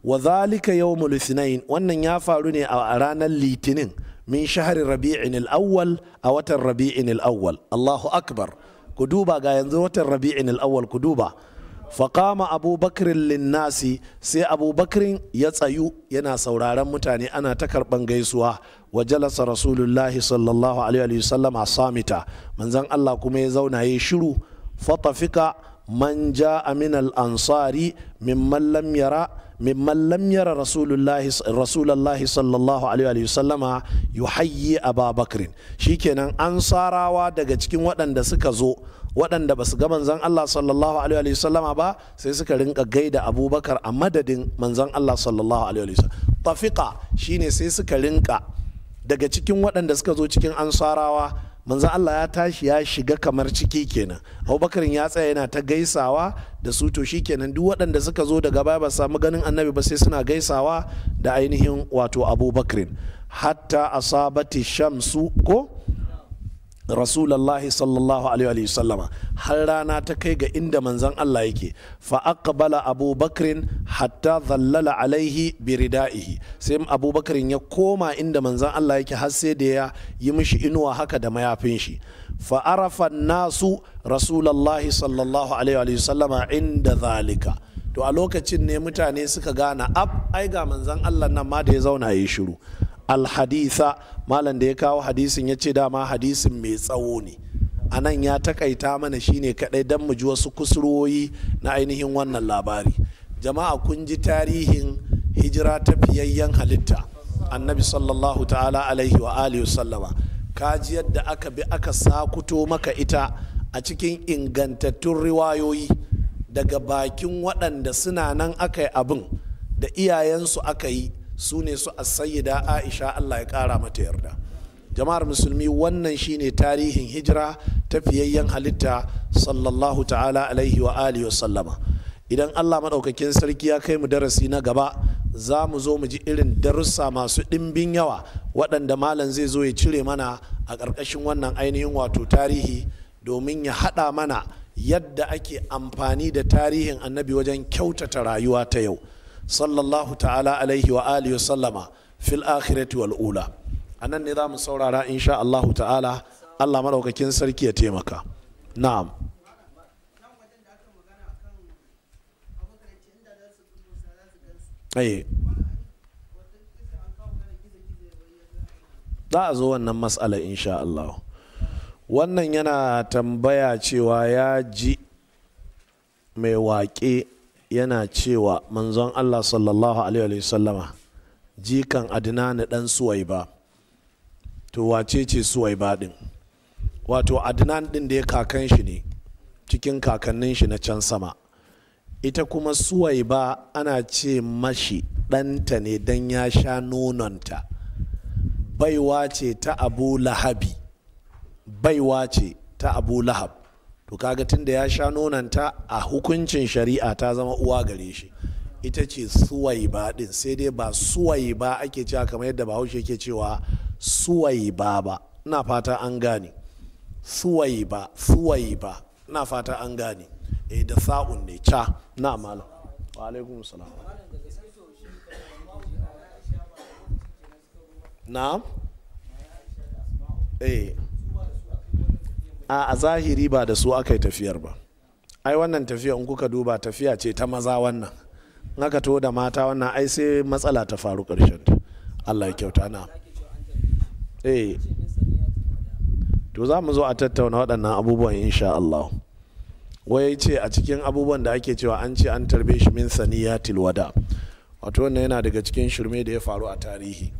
wa zalika yau ithnain wannan ya faru ne a ranar litinin min shahari rabi'in al-awwal a watan rabi'in al-awwal Allahu akbar ku duba ga yanzu watan rabi'in al'awwal ku duba faƙama abubakirin linnasi sai abubakirin ya tsayu yana sauraron mutane ana ta karɓan gaisuwa wa jalasa rasulullahi sallallahu alaihi wasallam a samita manzan allah kuma ya zauna ya shiru fatafika Manja ja'a al-ansari mimman lam yara ممن لم ير رسول الله رسول الله صلى الله daga cikin waɗanda suka zo waɗanda basu ga manzon Allah sallallahu alaihi wasallam ba sai suka rinka gaida Abubakar a madadin manzon Allah sallallahu alaihi wasallam tafiqa shine sai suka rinka daga cikin waɗanda suka zo cikin ansarawa manzo Allah ya tashi ya shiga kamar ciki kenan Abubakar ya tsaya yana ta gaisawa da su to shi kenan duk waɗanda suka zo daga baya ba samu ganin annabi ba sai suna gaisawa da ainihin wato Abubakar hatta asabati shamsu ko rasulallah sallallahu alaihi sallama har rana ta kai ga inda manzan Allah yake fa aqbala abubakrin hatta zallala alaihi birida'ihi sai abubakrin ya koma inda manzan Allah yake har sai da ya yi mishi inuwa haka da mayafin shi fa arafa nasu rasulallah sallallahu alaihi sallama inda zalika to a lokacin ne mutane suka gana ab ai ga manzon Allah nan ma da ya zauna yi shiru alhaditha malam da ya kawo hadisin ya ce dama hadisin mai tsawo ne a nan ya takaita mana shine kadai don mu ji wasu kusurwoyi na ainihin wannan labari jama'a kun ji tarihin hijira ta fiyayyen halitta annabi sallallahu ta'ala alaihi wa alihi sallama ji yadda aka bi aka sakuto maka ita a cikin ingantattun riwayoyi daga bakin waɗanda suna nan aka yi abin da iyayensu aka yi su ne su a asayida aisha allah ya kara mata yarda jama'ar musulmi wannan shine tarihin hijira ta fiyayyen halitta sallallahu ta'ala alaihi wa alihi wa sallama idan allah maɗaukakin sarki ya kai mu darasi na gaba za mu zo mu ji irin darussa masu ɗimbin yawa waɗanda malam zai zo ya cire mana a ƙarƙashin wannan ainihin wato tarihi domin ya haɗa mana yadda ake amfani da tarihin annabi wajen kyautata rayuwa ta yau sallallahu ta'ala alaihi wa alihi sallama fil akhirati wal ula anan ne zamu saurara insha Allah ta'ala Allah madaukakin sarki ya taimaka na'am eh. za a zo wannan matsala insha Allah wannan yana tambaya cewa ya ji mai waƙe yana cewa manzon Allah sallallahu alaihi wasallama jikan adinani dan suwaiba to wace ce suwaiba din wato adnan din da ya kakan shi ne cikin kakannin shi na can sama ita kuma suwaiba ana ce mashi ɗanta ne don ya sha nononta baiwa ce ta abu lahabi baiwa ce ta abu lahab to kaga tunda ya sha nonanta a hukuncin shari'a ta zama uwa gare shi ita ce suwai ba din sai dai ba suwai ba ake cewa kamar yadda bahaushe ke cewa suwai ba ba ina fata an gane suwai ba suwai ba ina fata an gane e da sa'un ne ca na malam wa alaikum salam na'am eh a zahiri ba da su aka yi tafiyar ba ai wannan tafiya in kuka duba tafiya ce ta maza wannan Naka to da mata wannan ai sai matsala ta faru ƙarshen Allah ya kyauta na eh to za mu zo a tattauna waɗannan abubuwan insha Allah wai ce a cikin abubuwan da ake cewa an ce an tarbe shi min saniyatil wada wato wannan yana daga cikin shirme da ya faru a tarihi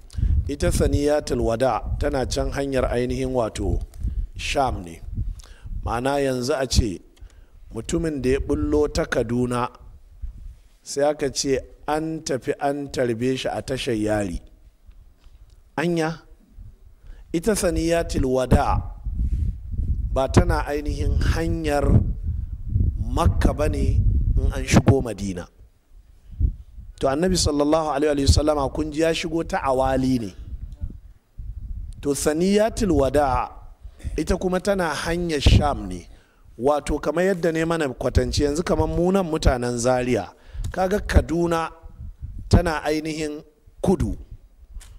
ita saniyatil wada tana can hanyar ainihin wato sham ne ma'ana yanzu a ce mutumin da ya bullo ta kaduna sai aka ce an tafi an tarbe shi a tashar yari anya ita saniyatil wada ba tana ainihin hanyar makka ba ne in an shigo madina to annabi sallallahu alaihi wasallama kun ji ya shigo ta awali ne to saniyatil wada ita kuma tana hanyar sham ne wato kamar yadda ne mana kwatance yanzu kamar munan mutanen zaria kaga kaduna tana ainihin kudu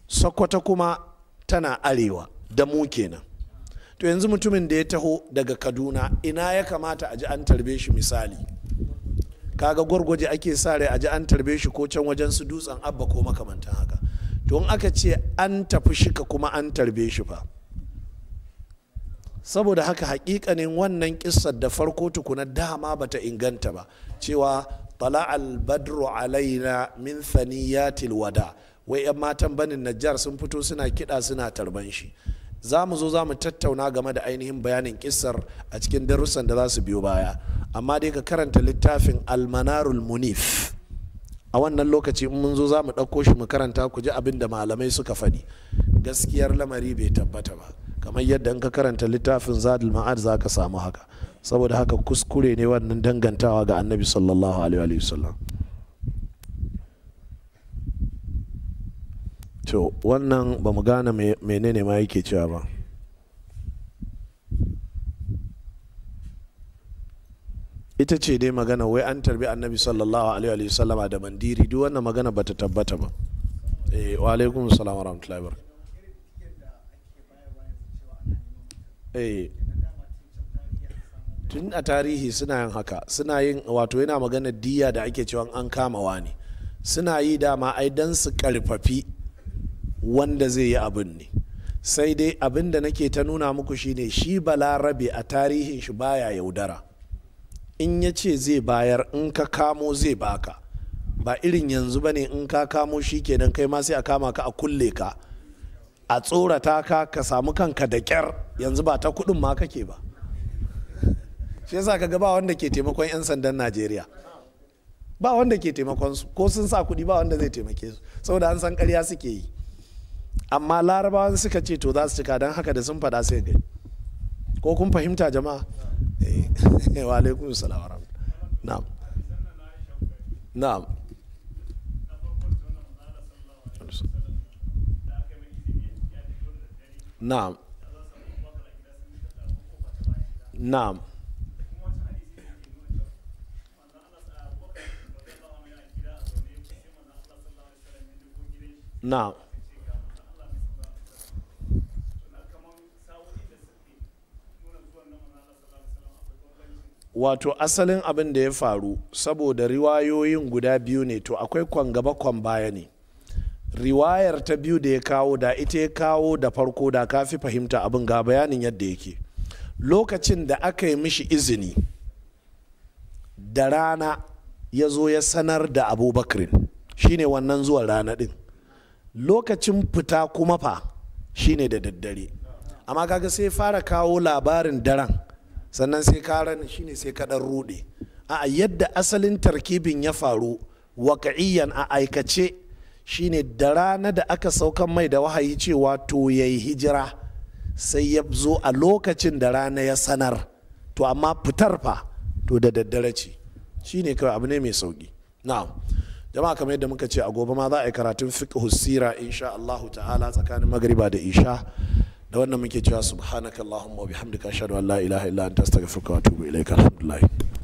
sokoto kuma tana arewa da mu kenan to yanzu mutumin da ya taho daga kaduna ina ya kamata a ji an tarbe shi misali kaga gwargwaje ake sa rai a ji an tarbe shi ko can wajen su dutsen abba ko makamantan haka to in aka ce an tafi shika kuma an tarbe shi fa saboda haka hakikanin wannan kissar da farko tukuna dama bata inganta ba cewa tala albadru alaina min thaniyatil wada wai 'yan matan banin najjar sun fito suna kiɗa suna tarban shi za mu zo za mu tattauna game da ainihin bayanin kisar a cikin darussan da za su biyo baya amma dai ka karanta littafin almanarul munif a wannan lokaci in mun zo za mu ɗauko shi mu karanta ku ji abin da malamai suka faɗi gaskiyar lamari bai tabbata ba kamar yadda in ka karanta littafin zadul ma'ad za ka samu haka saboda haka kuskure ne wannan dangantawa ga annabi sallallahu alaihi wasallam to wannan ba mu gane menene ma yake cewa ba ita ce dai magana wai an tarbi annabi sallallahu alaihi wasallama da mandiri duk wannan magana bata tabbata ba eh wa alaikum assalam wa rahmatullahi wa barakatuh Eh. tun a tarihi suna yin haka suna yin wato yana magana diya da ake cewa an kama wani suna yi dama ai don su karfafi wanda zai yi abin ne sai dai abin da nake ta nuna muku shine shi balarabe a tarihin shi baya yaudara in ya ce zai bayar in ka kamo zai baka ba irin yanzu bane in ka kamo shi kenan kai ma sai a kama ka a kulle ka a tsorata ka ka samu kanka da kyar yanzu ba ta kuɗin ma kake ba shi yasa ka ba wanda ke taimakon 'yan sandan najeriya ba wanda ke taimakon su ko sun sa kuɗi ba wanda zai taimake su saboda an san karya suke yi amma larabawan suka ce to za su cika don haka da sun faɗa sai gani ko kun fahimta jama'a eh. wa alaikum salam na'am na'am نعم نعم نعم wato asalin abin da ya faru saboda riwayoyin guda biyu ne to akwai kwan gaba kwan baya ne riwayar ta biyu da ya kawo da ita ya kawo da farko da ka fi fahimta abin ga bayanin yadda yake lokacin da aka yi mishi izini da rana ya zo ya sanar da shi shine wannan zuwan rana din lokacin fita kuma fa shine da daddare amma kaga sai fara kawo labarin daren sannan sai karan shine sai kaɗan rude a yadda asalin tarkibin ya faru wakaiyan a aikace shine da rana da aka saukan mai da wahayi cewa to ya yi hijira sai ya zo a lokacin da rana ya sanar to amma fitar fa to da daddare ce shi ne kawai abu ne mai sauki na'am jama'a kamar yadda muka ce a gobe ma za a yi karatun fiqh sira insha Allahu ta'ala tsakanin magriba da isha da wannan muke cewa subhanakallahumma wa bihamdika ashhadu an la ilaha illa anta astaghfiruka wa atubu ilaika alhamdulillah